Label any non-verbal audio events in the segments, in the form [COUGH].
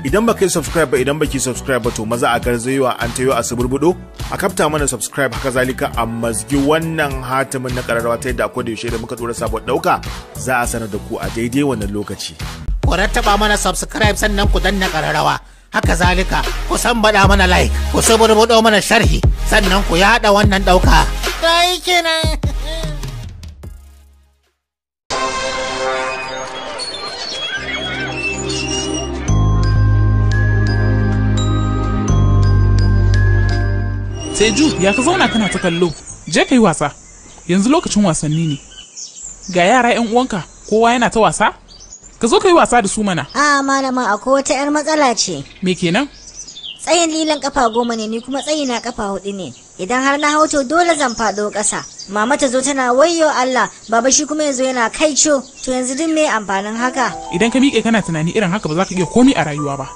idan baka yi subscribe ba idan baki subscribe ba to maza a garzayewa an tayo a suburbudo a kafta mana subscribe haka zalika a mazgi wannan hatimin na kararwa ta yadda akwai da yaushe da muka tsora sabon dauka za a sanar da ku a daidai wannan lokaci ku rattaba mana subscribe sannan ku danna kararrawa haka zalika ku san bada mana like ku suburbudo mana sharhi sannan ku yada wannan dauka dai kenan Seju, ya ka zauna kana ta kallo? Je ka yi wasa. Yanzu lokacin wasanni ne. Ga yara 'yan uwanka, kowa yana ta wasa? Ka zo ka yi wasa da su mana. A malama akwai wata 'yar matsala ce. Me kenan? Tsayin lilan kafa goma ne ni kuma tsayi na kafa hudu ne. Idan har na to dole zan fado ƙasa. Mama ta zo tana wayyo Allah, baba shi kuma yanzu yana kaico. To yanzu duk me amfanin haka? Idan ka miƙe kana tunani irin haka ba za ka iya komi a rayuwa ba.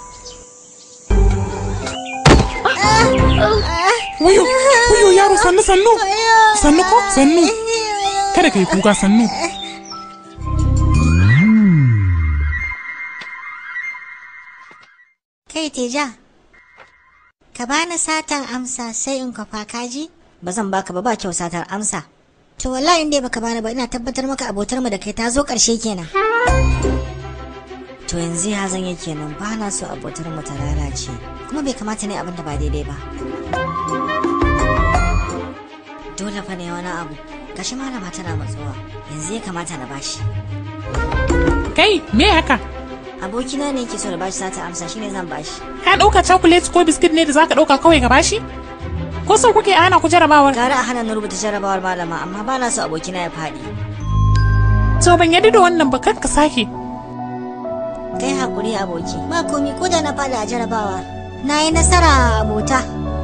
wayo wayo yaro sannu sannu sannu ko sannu kada ka yi kuka sannu kai teja ka bani satar amsa sai in kwafa kaji ba zan baka ba ba kyau satar amsa to wallahi inda baka bani ba ina tabbatar maka abotar mu da kai ta zo karshe kenan to yanzu ya zan kenan, ba na so abotar mu ta lalace kuma bai kamata ne abin da ba daidai ba dole fa ne wani abu gashi malama tana matsowa yanzu ya kamata na bashi kai me haka abokina ne yake so da bashi sata amsa shine zan bashi ka dauka chocolate ko biskit ne da zaka dauka kawai ga bashi ko so kuke ana ku jarabawar gara a hana na rubuta jarabawar malama amma ba na so abokina ya faɗi to ban yadda da wannan ba kanka sake kai hakuri haƙuri aboki ba komi ko da na fada a jarabawa na yi nasara abota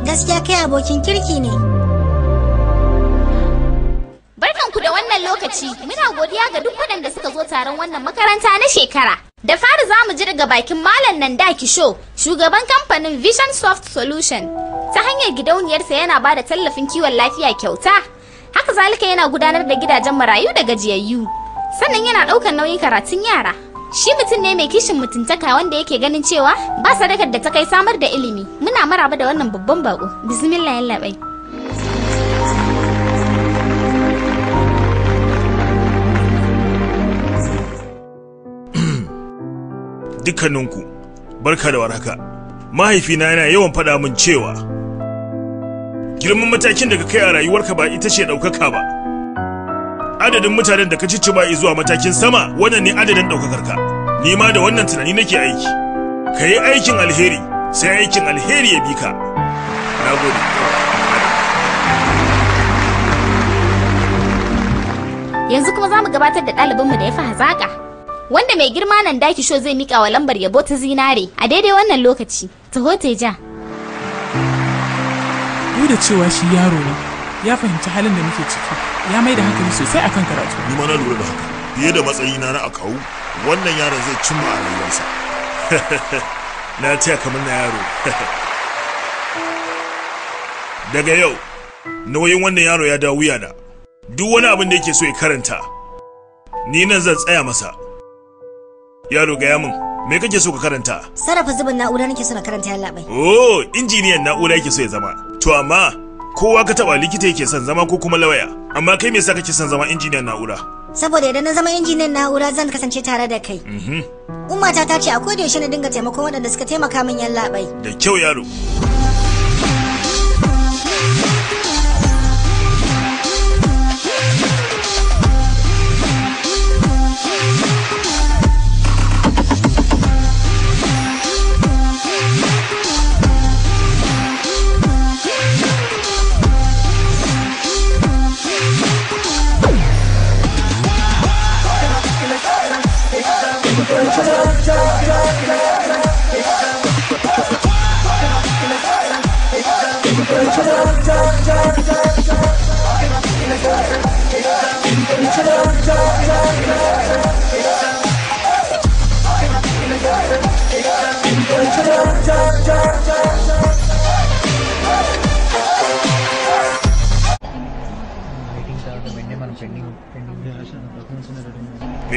gaskiya kai abokin kirki ne barkanku da wannan lokaci muna godiya ga duk waɗanda suka zo taron wannan makaranta na shekara da fari za mu ji daga bakin malam nan da kisho shugaban kamfanin vision soft solution ta hanyar gidauniyarsa yana ba da tallafin kiwon lafiya kyauta haka zalika yana gudanar da gidajen marayu da gajiyayyu sannan yana ɗaukar nauyin karatun yara Shi mutum ne mai kishin mutuntaka wanda yake ganin cewa ba sadakar da ta kai samar da ilimi. Muna maraba da wannan babban bako. Bismillah ya labai. [CLEARS THROAT] Dukkaninku, barka da warhaka. Mahaifina yana yawan faɗa min cewa girman matakin da ka kai a rayuwarka ba ita ce ɗaukaka ba. adadin mutanen da ka cicciba zuwa matakin sama wannan ne adadin ɗaukakarka ka ni ma da wannan tunani nake aiki ka yi aikin alheri sai aikin alheri ya bi ka na yanzu kuma za mu gabatar da ɗalibinmu da ya fi hazaƙa wanda mai girma nan daki sho zai miƙa wa lambar yabo ta zinare a daidai wannan lokaci taho ja. duk da cewa shi yaro ne ya fahimci halin da muke ciki ya mai da hankali sosai akan karatu ni ma na lura da haka fiye da matsayina na akawu wannan yaron zai cimma a rayuwarsa [LAUGHS] na ce kamar na yaro [LAUGHS] daga yau nauyin wannan yaro ya dawo wuyana duk wani abin da yake so ya karanta ni nan zan tsaya masa yaro gaya min me kake so ka karanta sarrafa zubin na'ura nake so na karanta ya labai oh injiniyan na'ura yake so ya zama to amma kowa ka taba likita yake son zama ko kuma lawaya amma kai me yasa kake son zama injiniyan na'ura saboda idan na zama injiniyan na'ura zan kasance tare da kai mhm. ummata ta ce akwai da yaushe na dinga taimakon waɗanda suka taimaka min yan labai da kyau yaro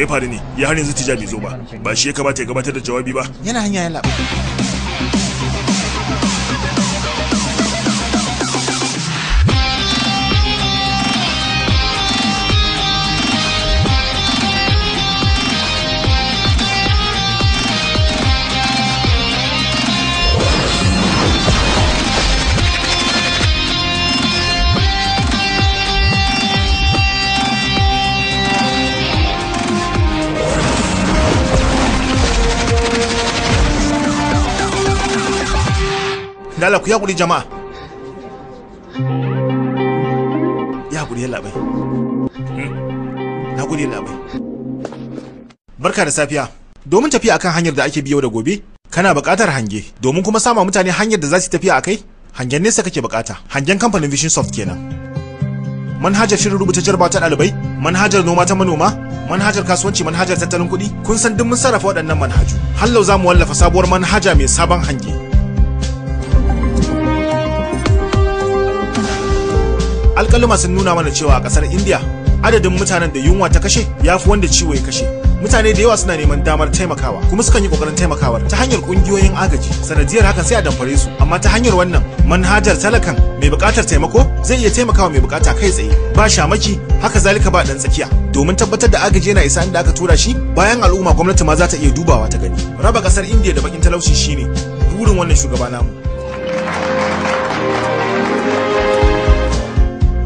ya faru ne ya harin yanzu tija bai zo ba ba shi ya kamata ya gabatar da jawabi ba yana hanya ya labu ku ya guri jama'a ya guri ya labai na guri labai barka da safiya domin tafiya akan hanyar da ake biyo da gobe kana buƙatar hange domin kuma sama mutane hanyar da za su tafiya akai hangen nesa kake buƙata hangen kamfanin vision soft kenan manhajar shirin rubuta jarba ta ɗalibai manhajar noma ta manoma manhajar kasuwanci manhajar tattalin kuɗi kun san duk mun sarrafa waɗannan manhaju hallau za mu wallafa sabuwar manhaja mai sabon hange alƙaluma sun nuna mana cewa a ƙasar india adadin mutanen da yunwa ta kashe ya fi wanda ciwo ya kashe mutane da yawa suna neman damar taimakawa kuma sukan yi kokarin taimakawar ta hanyar kungiyoyin agaji sanadiyar haka sai a damfare su amma ta hanyar wannan manhajar talakan mai bukatar taimako zai iya taimakawa mai bukata kai tsaye ba shamaki haka zalika ba dan tsakiya domin tabbatar da agaji yana isa inda aka tura shi bayan al'umma gwamnati ma za ta iya dubawa ta gani raba ƙasar india da bakin talauci shine burin wannan shugaba namu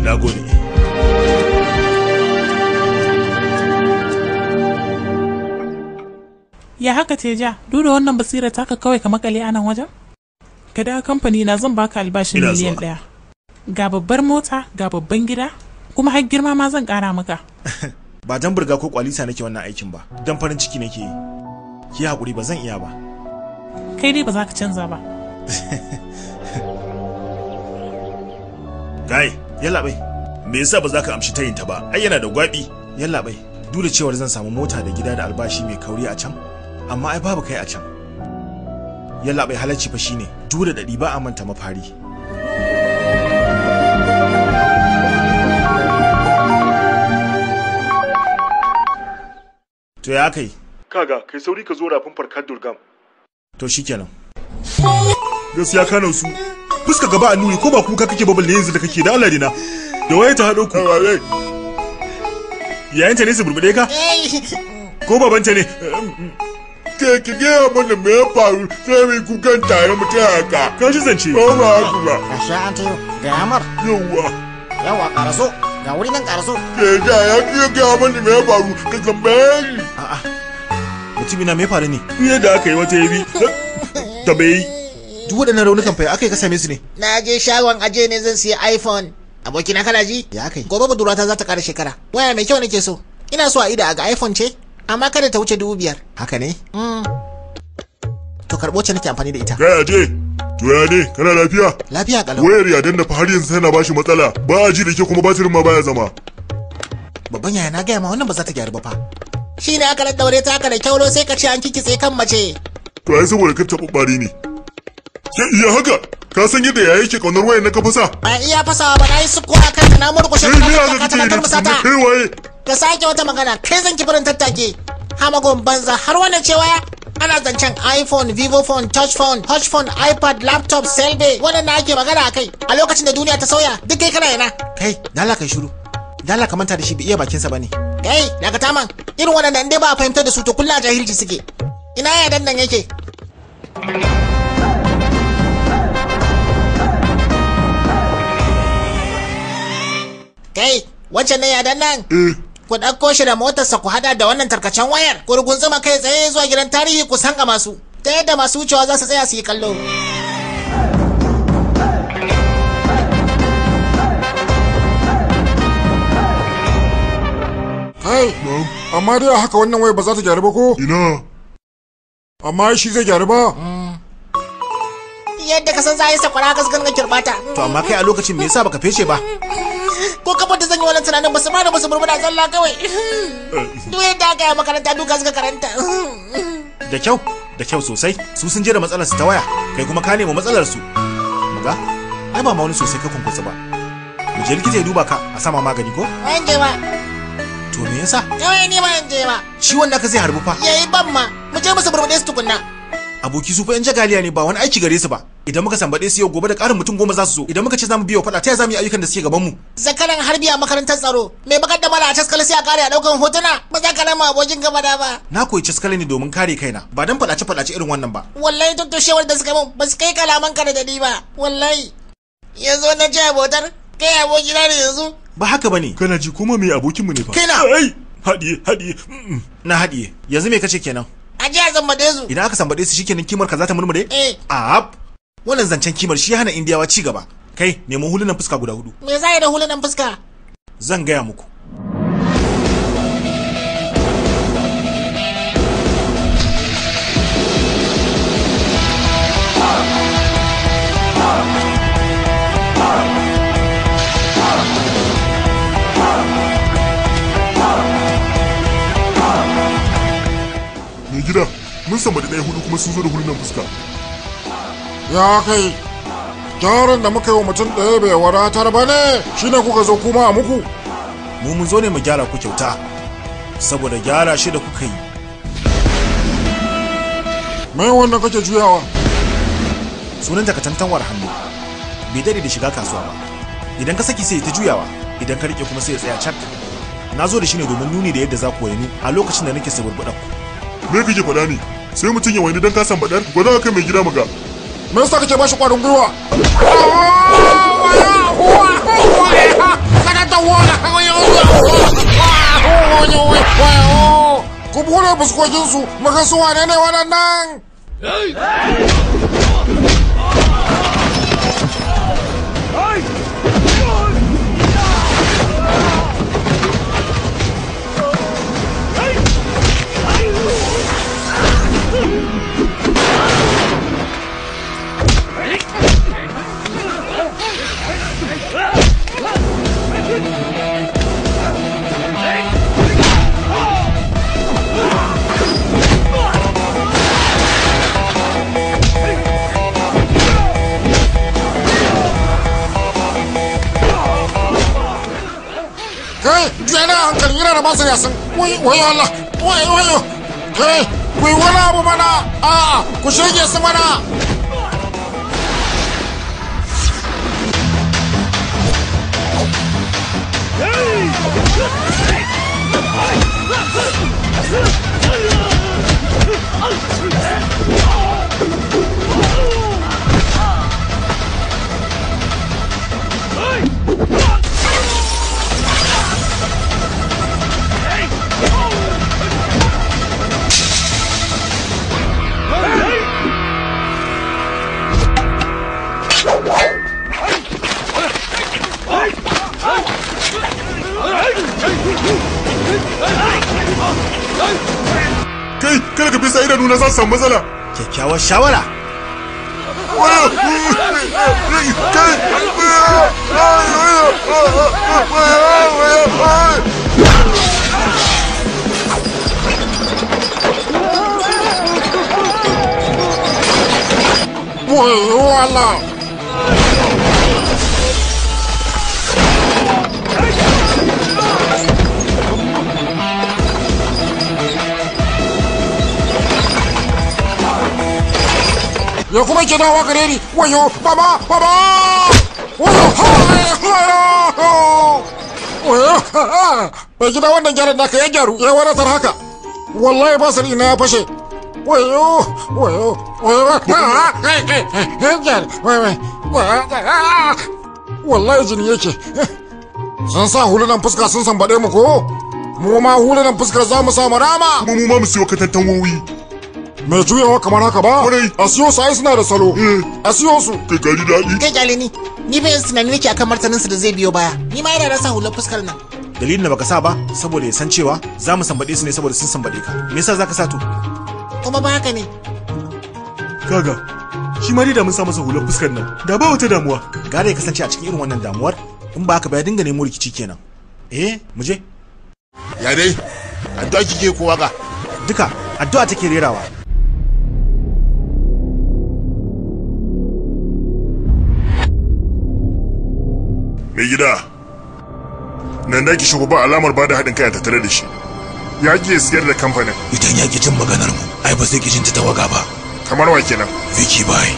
na gode ya haka ce ja da wannan basira taka kawai ka makale anan wajen ka da kamfani na zan baka albashin miliyan daya ga babbar mota ga babban gida kuma har girma ma zan kara maka [LAUGHS] ba dan burga ko kwalisa nake wannan aikin ba dan farin ciki nake yi ki hakuri ba zan iya ba kai dai ba za ka canza ba gai yalla bai me yasa ba za ka amshi tayin ta ba ai yana da gwabi yalla bai dole cewar zan samu mota da gida da albashi mai kauri a can amma ai babu kai a can yalla bai halarci fa shine dole da ba a manta mafari to ya kai kaga kai sauri ka zo rafin farkar durgam to shikenan gaskiya kana su fuska gaba annuri ko ba kuka kake babal ne yanzu da kake da Allah dina da waye ta hado ku yayin ta ne su burbude ka ko baban ta ne ke ki ga da me faru sai mu kan tare mu ta haka kan shi zance ko ba haka ba a sha an tayo ga amar yawa yawa karaso ga wuri nan karaso ke ga ya ki ga da me faru ka tambaye a a'a mutumina me ya faru ne ni da aka yi wata yabi ta [LAUGHS] bai duk waɗannan raunukan fa aka yi ka same su ne na je shagon aje ne zan siya iphone aboki na kana ji ya kai gobe ta za ta ƙara shekara waya mai kyau nake so ina so a ida a ga iphone ce amma kada ta wuce dubu biyar haka ne mm. to karɓo ce nake amfani da ita gaya je to ya ne kana lafiya lafiya kalau wayar ya danna fa har yanzu tana bashi matsala ba a ji da ke kuma batirin ma baya zama babban yaya na gaya ma wannan ba za ta gyaru ba fa shine aka daddaure ta aka da kyauro sai ka ce an kikitse kan mace to ai saboda kafta ɓaɓɓari ne ya haka ka san yadda ya yake kaunar wayar na kafasa? ba iya fasawa ba na yi suko a na na murkushe ka ka ka ta karmasa ta ka sake wata magana kai zan kifirin tattake hamagon banza har wannan cewa ana zancen iphone vivo phone touch phone touch phone ipad laptop selbe waɗanda ake magana a kai a lokacin da duniya ta sauya duk kai kana yana kai dala kai shiru dala ka manta da shi bi iya bakinsa ba ne kai daga taman irin wannan in dai ba a fahimtar da su to kullum a jahilci suke ina ya dandan yake Kai, wacce ne ya dan nan? Eh. Ku ɗauko shi da motarsa ku hada da wannan tarkacen wayar. Ku rugunzuma kai tsaye zuwa gidan tarihi ku sanga masu. Ta yadda masu wucewa za su tsaya su yi kallo. Kai, amma dai haka wannan wayar ba za ta gyaru ba ko? Ina. Amma shi zai gyaru ba? yadda ka san za a yi sakwara ka kirɓata. To amma kai a lokacin me yasa baka fece ba? ko kafa zan yi wannan tunanin ba su ma da ba su murmuna zalla kawai duk yadda aka yi makaranta duka suka karanta da kyau da kyau sosai su sun jera su ta waya kai kuma ka nemi su. muga ai ba ma wani sosai ka kunkusa ba mu je likita ya duba ka a sama magani ko an je ba to me yasa kawai ni ba an je ba ciwon naka zai harbu fa yayi ban ma mu je musu burbuɗe su tukunna aboki su fa yan jagaliya ne ba wani aiki gare su ba idan muka sambaɗe su yau gobe da ƙarin mutum goma za su zo idan muka ce za mu biyo fada ta za mu yi ayyukan da suke gaban mu zakaran harbi a makarantar tsaro me bakar da mala a caskale sai a kare a ɗaukan hotuna ba za ka rama abokin gaba da ba na koyi caskale ne domin kare kaina ba dan faɗace faɗace irin wannan ba wallahi shewar da suka min ba su kai kalaman ka da dadi ba wallahi yanzu na ce abotar kai abokina ne yanzu ba haka bane kana ji kuma abokin abokinmu ne fa kaina haɗiye haɗiye na haɗiye yanzu me kace kenan a jiya zambaɗe su idan aka sambaɗe su shikenan kimar ka za ta murmure eh a wannan zancen kimar shi hana indiyawa ci gaba kai nemo hulunan fuska guda hudu me za da hulunan fuska zan gaya muku mai gida mun samu da ɗaya hudu kuma sun zo da hulunan fuska ya kai gyaran da muka yi wa mutum ɗaya bai wadatar ba ne shi ne kuka zo kuma a muku mu mun zo ne mu gyara ku kyauta saboda gyara shi da kuka yi mai wannan kake juyawa sunan ka tantanwar hannu bai dade da shiga kasuwa ba idan ka saki sai ta juyawa idan ka rike kuma sai ya tsaya cak na zo da shi ne domin nuni da yadda za ku wani a lokacin da nake saburbuɗa ku me kake faɗa ne sai mutum ya wani don kasan baɗar gwada kai mai gida maga me yasa kake bashi kwarin gwiwa ku buɗe fuskokinsu maka su wane ne waɗannan 卷了，扛林了，他妈我我要了，我阿拉，喂喂哟，喂，喂我了，不嘛啦，啊，不嫌弃什么啦。哎！Kai, kada ka bisa idanuna za su samu matsala. Kyakkyawar shawara. Wala! ya kuma ke dawa gare ni wayo baba baba wayo wayo bai gida wannan gyaran naka ya gyaru ya wadatar haka wallahi basir ina ya fashe wayo wayo wayo yake sun sa hulunan fuska sun sambaɗe mu ko mu ma hulunan fuskar za mu samu rama mu mu siyo katantan wowi mai juyawa kamar haka ba kwarai a siyo su suna da salo eh. a siyo su kai gari daɗi kai kyale ni ni bai yanzu tunani nake akan martanin su da zai biyo baya ni ma yana rasa hular fuskar nan dalilin da baka sa ba saboda ya san cewa za mu sambaɗe su ne saboda sun sambaɗe ka me yasa zaka sa to kuma ba haka ne kaga shi ma da mun sa masa hular fuskar nan da ba wata damuwa gara ya kasance a cikin irin wannan damuwar in ba haka ba ya dinga nemo rikici kenan eh mu je ya dai addu'a kike kowa ga. duka addu'a take rerawa mai gida nan da ki shigo ba alamar bada haɗin kai a tattare da shi ya ki siyar da kamfanin idan ya ki jin maganar mu ai ba zai ki jin ta tawaga ba kamar wa kenan viki Bai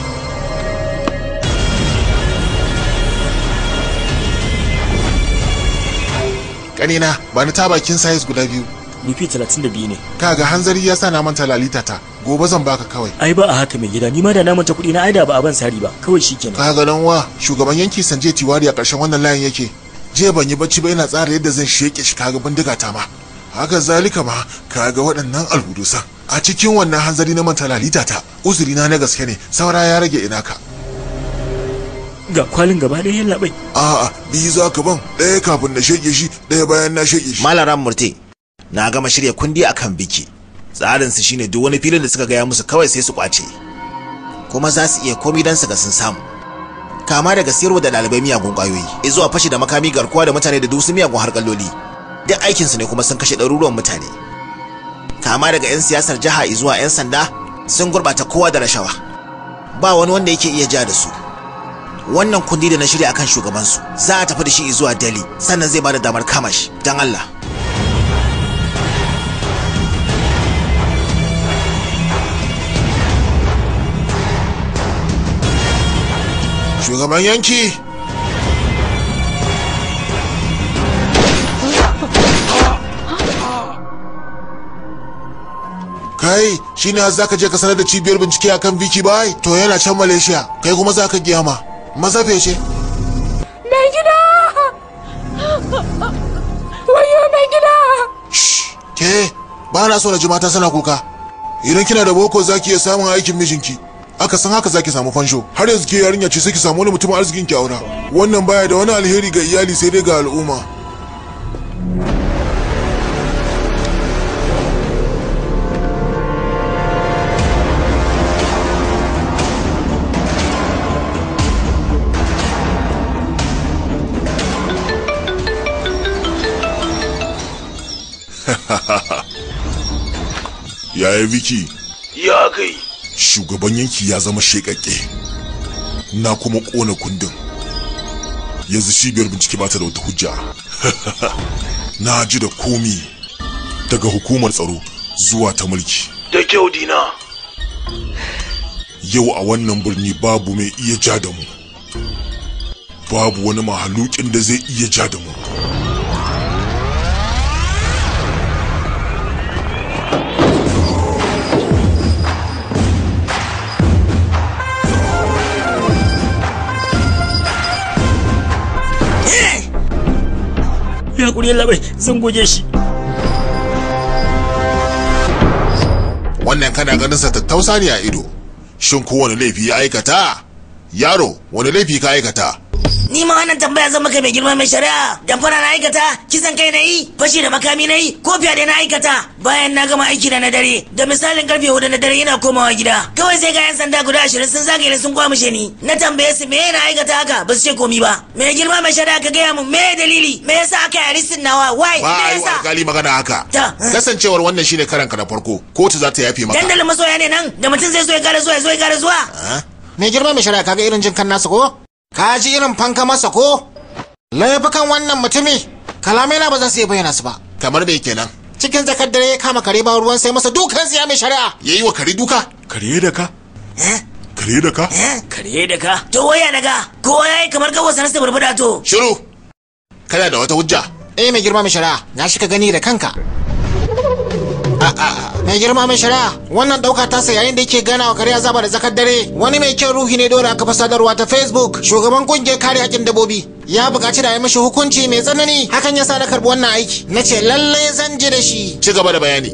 kanina ba ni ta bakin size guda biyu rufi 32 ne kaga hanzari ya na manta lalita ta gobe zan baka kawai ai ba a haka mai gida ni ma da na manta kuɗi na aida ba a ban sari ba kawai shikenan kaga dan wa shugaban yanki Sanje Tiwari a ƙarshen wannan layin yake jiya ban yi bacci ba ina tsara yadda zan sheke shi kaga bindiga ta ma haka zalika ma kaga waɗannan alhudusan a cikin wannan hanzari na manta lalita ta uzuri na na gaske ne saura ya rage ina ka ga kwalin gaba ɗaya yan a'a biyu za ka ban ɗaya kafin na sheke shi ɗaya bayan na sheke shi malaran murti na gama shirya kundi akan biki tsarinsu shine duk wani filin da suka gaya musu kawai sai su kwace kuma za su iya komai don su ga sun samu kama daga siyarwa da ɗalibai miyagun ƙwayoyi zuwa fashi da makami garkuwa da mutane da dusu miyagun harkaloli duk aikinsu ne kuma sun kashe ɗaruruwan mutane kama daga 'yan siyasar jiha zuwa 'yan sanda sun gurɓata kowa da rashawa ba wani wanda yake iya ja da su wannan kundi da na shirya akan shugabansu za a tafi da shi zuwa Delhi sannan zai bada damar kama shi don Allah shugaban yanki kai shi ne za ka je ka sanar da cibiyar bincike akan viki bai to yana can malaysia kai kuma za ka giyama mazafe ce mai gida wayo mai gida ke ba na so na ji mata sana kuka idan kina da boko za ki iya samun aikin mijinki aka san haka zaki samu fansho har yanzu ke yarinya ce sai ki samu wani mutumin arzikin ki aura wannan baya da wani alheri ga iyali sai dai ga al'umma Yaya [LAUGHS] Vicky? Ya kai. shugaban yanki ya zama shekakke na kuma kona kundin yanzu cibiyar bincike ba ta da wata hujja [LAUGHS] na ji da komi daga hukumar tsaro zuwa ta mulki da kyau dina yau a wannan birni babu mai iya ja da mu babu wani mahalukin da zai iya ja da mu ya haƙuri yin labai zan goge shi wannan kana ganin sa tattausa ne a ido shin kowane laifi ya aikata yaro wani laifi ka aikata ni ma wannan tambaya zan maka mai girma mai shari'a damfara na aikata kisan kai na yi fashi da makami na yi ko fyaɗe na aikata bayan na gama aiki da na dare da misalin karfe hudu na dare yana komawa gida kawai sai ga yan sanda guda ashirin sun zagaye sun mushe ni na tambaye su me yana aikata haka ba su ce komi ba mai girma mai shari'a ka gaya mun me dalili me yasa aka yi risin nawa wai me yasa alkali magana haka kasancewar wannan shine karan ka na farko kotu za ta yafe maka dandalin masoya ne nan da mutum zai so ya gara zuwa ya zo ya gara zuwa ah? mai girma mai shari'a kaga irin jin kan nasu ko ka ji irin fanka masa ko laifukan wannan mutumi kalamai na ba zan sai bayyana su ba kamar me kenan cikin zakar dare ya kama kare ba ruwan sai masa dukan siya mai shari'a yayi wa kare duka kare da ka eh kare da ka eh kare da ka to waya daga ko yayi kamar gawar sanar da barbada to shiru kana da wata hujja eh mai girma mai shari'a na shi ka gani da kanka [LAUGHS] mai girma mai shari'a wannan dauka tasa yayin da yake gana wa kare azaba da zakar dare wani mai kyan ruhi ne dole aka fi sadarwa ta facebook shugaban kungiyar kare hakkin dabbobi. ya buƙaci da ya mishi hukunci mai tsanani hakan sa na karbi wannan aiki na ce lallai zan ji da shi ci gaba da bayani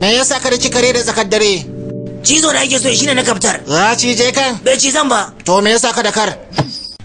me yasa ka daki kare da zakar dare cizo da ake so shine na kaftar za ci je kan bai ci zan ba to me yasa ka da kar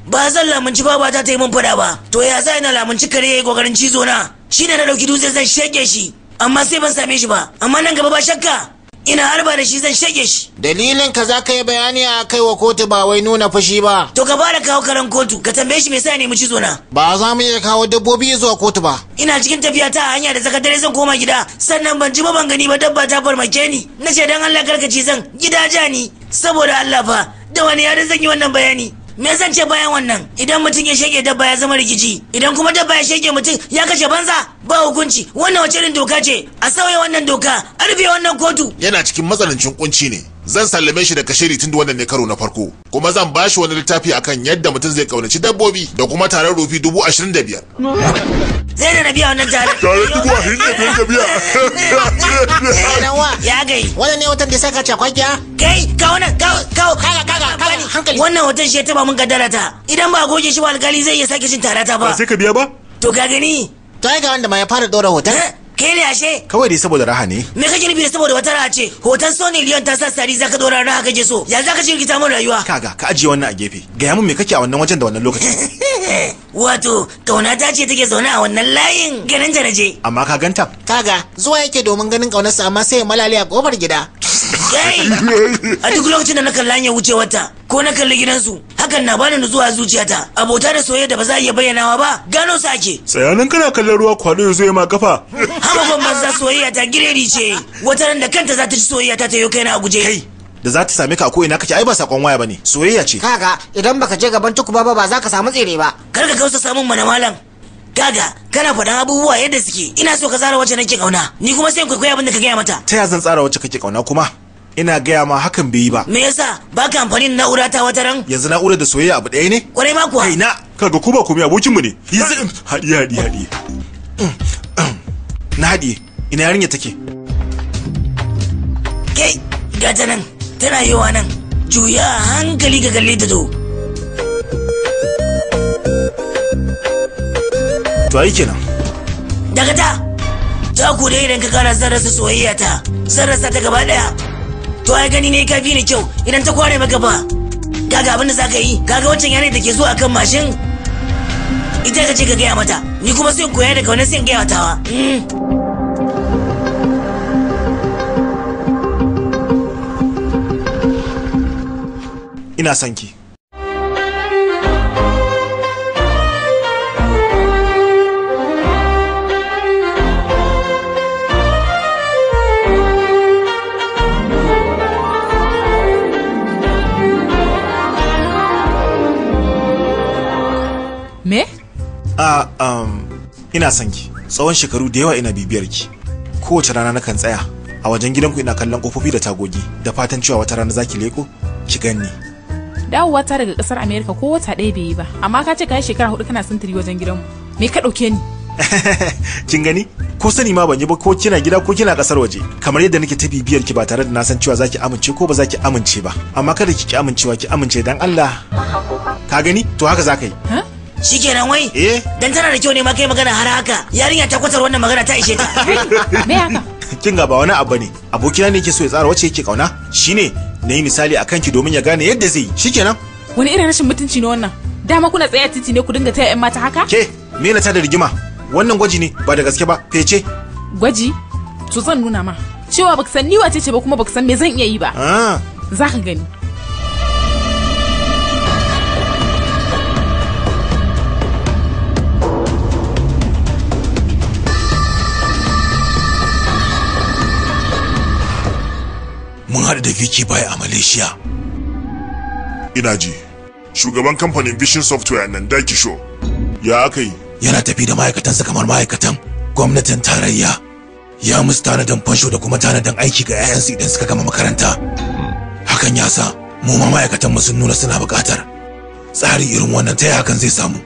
ba zan lamunci ba ba ta ta yi min fada ba to ya za ina lamunci kare ya yi ƙoƙarin cizo na shine na dauki dutse zan shege shi amma sai ban same shi ba amma nan gaba ba shakka ina harba da shi zan shage shi dalilin ka za ka yi bayani a kai wa kotu ba wai nuna fushi ba to ka bada kawo karan kotu ka tambaye shi me sa nemi cizo na ba za mu iya kawo dabbobi zuwa kotu ba ina cikin tafiya ta hanya da tsakar dare zan koma gida sannan ban ji ba ban gani ba dabba ta farmake ni na ce dan Allah karkaci zan gida ja ni saboda Allah fa da wani yarin zan yi wannan bayani me zan ce bayan wannan idan mutum ya shege dabba ya zama rikici idan kuma dabba ya shege mutum ya kashe banza ba hukunci wannan wace irin doka ce a sauya wannan doka a rufe wannan kotu yana cikin matsanancin kunci ne zan sallame shi daga shiri tun da wannan ne karo na farko kuma zan ba shi wani littafi akan yadda mutum zai kaunaci dabbobi da kuma tarar rufi dubu ashirin da biyar. zai da biya wannan jari. Tare dubu ashirin da biyar da biya. ya gai. wannan ne hoton da saka cakwakiya. kai ka wannan ka ka kaga kaga kaga hankali. wannan hoton shi ya taba mun gaddara ta idan ba goge shi ba alkali zai iya sake cin tarata ba. ba sai ka biya ba. to ka gani. to ai ga wanda ma ya fara dora hoton. Eh? ke ne ashe kawai dai saboda raha ne me kake nufi saboda wata raha ce hoton sony leon ta sa sari zaka dora raha kake so ya zaka ci rikita mun rayuwa kaga ka ajiye wannan a gefe ga mun me kake a wannan wajen da wannan lokacin [LAUGHS] wato ta ce take zaune a wannan layin ganin ta naje amma ka ganta kaga zuwa yake domin ganin kaunarsa amma sai ya malale a kofar gida a duk lokacin da na kalla ya wuce wata ko na kalli gidansu hakan na bani nutsuwa zuciyata abota da soyayya da ba za a iya bayyanawa ba gano su ake kana kallon ruwa kwado yanzu ma kafa hama banza soyayya ta gireri ce wata da kanta za ta ci soyayya ta ta tayo kaina a guje kai da za ta same ka a ko'ina kace ai ba sakon waya bane soyayya ce kaga idan baka je gaban tukuba ba ba za ka samu tsere ba kar ka kausa samun mana malam kaga kana faɗan abubuwa yadda suke ina so ka tsara wacce nake kauna ni kuma sai kwaikwayo abin da ka gaya mata ta ya zan tsara wacce kake kauna kuma ina gaya ma hakan bai yi ba me yasa ba ka amfani da na'ura ta wata ran yanzu na'urar da soyayya abu ɗaya ne kwarai ma kuwa kaina kaga ku ba ku mai mu ne yanzu hadi hadi hadi na haɗiye ina yarinya take kai gata nan tana yiwa nan juya hankali ga galle ta zo to ai kenan daga ta ta ku idan ka kana san rasa soyayya ta san rasa ta gaba daya to ai gani ne kafi ni kyau idan ta kware maka ba kaga abin da zaka yi kaga wancan yana da ke zuwa kan mashin ita ka ce ka gaya mata ni kuma sai koya daga wani sai gaya matawa. ina sanki. a um, ina son ki tsawon shekaru da yawa ina bibiyar ki kowace rana nakan tsaya a wajen gidanku ina kallon kofofi da tagogi da fatan cewa wata rana zaki leko ki ganni dawowa ta daga kasar america ko wata ɗaya bai yi ba amma ka ce ka yi shekara hudu kana sintiri wajen gidanmu me ka ɗauke ni [LAUGHS] kin gani ko sani ma ban yi ba ko kina gida ko kina kasar waje kamar yadda nake ta bibiyar ki ba tare da na san cewa zaki amince ko ba zaki amince ba amma kada ki ki amincewa ki amince dan Allah ka gani to haka zaka yi shikenan wai eh. dan tana da kyau ne ma kai magana har haka yarinya ta kwatar wannan magana ta ishe ta [LAUGHS] me haka kin ga ba wani abu ne abokina ne yake so ya tsara wacce yake kauna shine na yi misali a kanki domin ya gane yadda zai yi shikenan wani irin rashin mutunci ne wannan dama kuna tsaye titi ne ku dinga taya yan mata haka ke me na ta da rigima wannan gwaji ne ba da gaske ba fece gwaji to zan nuna ma cewa baka san ni wace ce ba kuma baka san me zan iya yi ba ah. za ka gani mun haɗu da Vicky Bai a Malaysia. Ina ji, shugaban kamfanin Vision Software nan da Kisho. Ya aka yi? Yana tafi da ma'aikatansa kamar ma'aikatan gwamnatin tarayya. Ya musu tanadin fansho da kuma tanadin aiki ga 'ya'yansu idan suka gama makaranta. Hakan ya sa mu ma ma'aikatanmu sun nuna suna buƙatar tsari irin wannan ta hakan zai samu.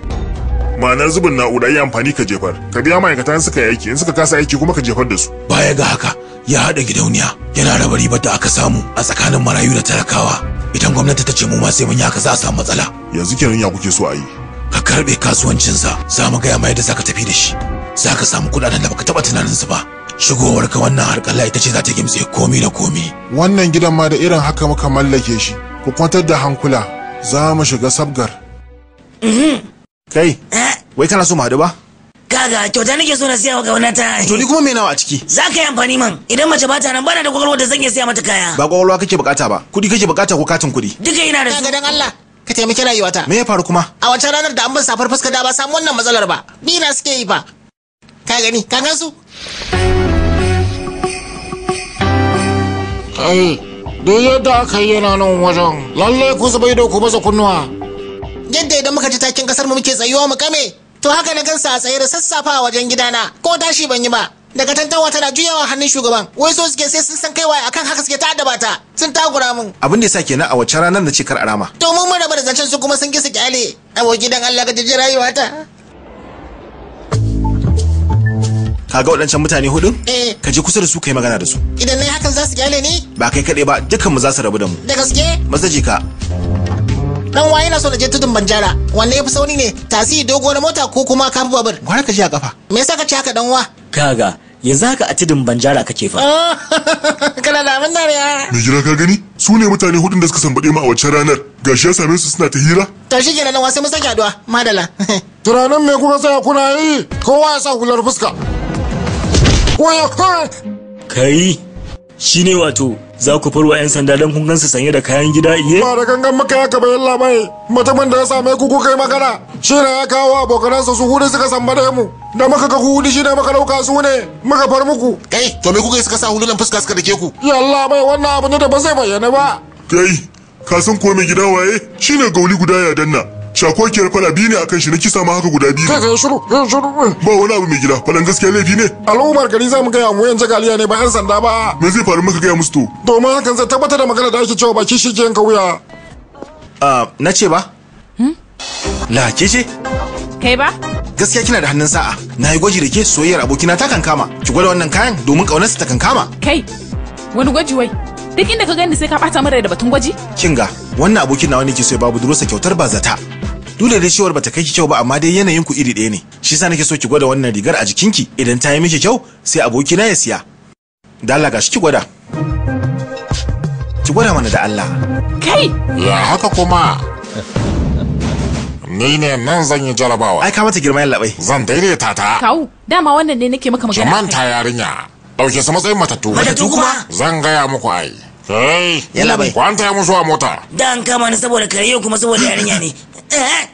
ma'anar zubin na'ura yi amfani ka jefar ka biya ma'aikatan suka yi aiki in suka kasa aiki kuma ka jefar da su baya ga haka ya haɗa gidauniya yana raba ribar da aka samu a tsakanin marayu da talakawa idan gwamnati ta ce mu ma sai mun yaka za a samu matsala yanzu kenan ya kuke so a yi ka karɓe kasuwancinsa za mu gaya ma yadda za ka tafi da shi za ka samu kuɗaɗen da baka taɓa su ba shigowar ka wannan harƙalla ita ce za ta gimtse komi da komi wannan gidan ma da irin haka muka mallake shi ku kwantar da hankula za mu shiga sabgar mhm. kai eh. wai kana so mu haɗu ba kaga kyauta nake so na siya maka wannan ta to ni kuma me nawa a ciki za ka yi amfani man idan mace bata nan bana da kwakwalwa da zan iya siya mata kaya ba kwakwalwa kake bukata ba kudi kake bukata ko katin kudi duka ina da su kaga dan Allah ka taimaki rayuwata me ya faru kuma a wancan ranar da an bin safar fuska da ba samu wannan matsalar ba na suke yi ba ka gani ka gan su kai duk yadda aka yi yana nan wajen lallai ku bai da ku masa kunnuwa yadda idan muka ji takin kasar mu muke tsayuwa mu kame to haka na gansa a tsaye da sassafa a wajen gidana ko tashi ban yi ba daga tantawa tana juyawa hannun shugaban wai so suke sai sun san kaiwa akan haka suke ta adaba ta sun takura mun. abin da yasa kenan a wace ranar da cikar arama to mun mun rabar da zancen su kuma sun kisa kyale awo gidan Allah ka jiji rayuwa ta kaga waɗancan mutane hudun eh. ka je kusa da su kai magana da su idan nayi hakan za su kyale ni ba kai kaɗai ba dukan mu za su rabu da mu da gaske mazaji ka dan waye na so na je tudun banjara wanne ya fi sauni ne tasi dogo na mota ko kuma kafi babur gwara ka ji a kafa me yasa ka ci haka dan wa kaga yanzu haka a tudun banjara kake fa ah, [LAUGHS] kana da abin dariya me jira ka gani su ne mutane hudun da suka sambaɗe mu a wacce ranar gashi ya same su suna ta hira to shi kenan wasu mun sake aduwa madala [LAUGHS] tunanin me kuka sa kuna yi kowa ya sa hular fuska kai Shi ne wato za ku farwa 'yan sanda don kun gansu sanye da kayan gida iye? Ba da gangan muka ya ka bayan labai mutumin da ya same ku kuka yi magana shi ne ya kawo abokanansa su hudu suka da mu da muka ga hudu shi ne muka dauka su ne muka far muku. Kai to me kuka yi suka sa hulunan fuska suka dake ku? Yalla bai wannan abu ne da ba zai bayyana ba. Kai ka san ko mai gida waye ne gauli guda ya danna. shakokiyar fala biyu ne akan shi na kisa ma haka guda biyu kai shiru kai shiru ba wani abu mai gida falan gaskiya laifi ne al'ummar gari za mu gaya mu yanzu galiya ne ba yan sanda ba me zai faru muka gaya musu to domin hakan zai tabbatar da magana da ake cewa baki shi ke yanka wuya ah na ce ba hmm? la ke ce kai ba gaskiya kina da hannun sa'a na yi gwaji da ke soyayyar abokina ta kankama ki gwada wannan kayan domin ƙaunarsa ta kankama kai wani gwaji wai duk inda ka gani sai ka bata mara da batun gwaji kinga wannan abokin nawa ne ke so ya babu durusa kyautar ba zata dole da cewar bata kai ki kyau ba amma dai yanayin ku iri ɗaya ne shi yasa nake so ki gwada wannan rigar a jikinki idan ta yi miki kyau sai abokina ya siya da Allah gashi ki gwada ki gwada mana da Allah kai ya haka kuma ni ne nan zan yi jarabawa ai ka mata girma yalla bai zan daidaita ta kawu dama wannan ne nake maka magana jama'an ta yarinya dauke su matsayin matattu matattu kuma zan gaya muku ai Yalla bai. Kwanta ya musu a mota. Da an kama ni saboda kare kuma saboda yarinya ne. Eh?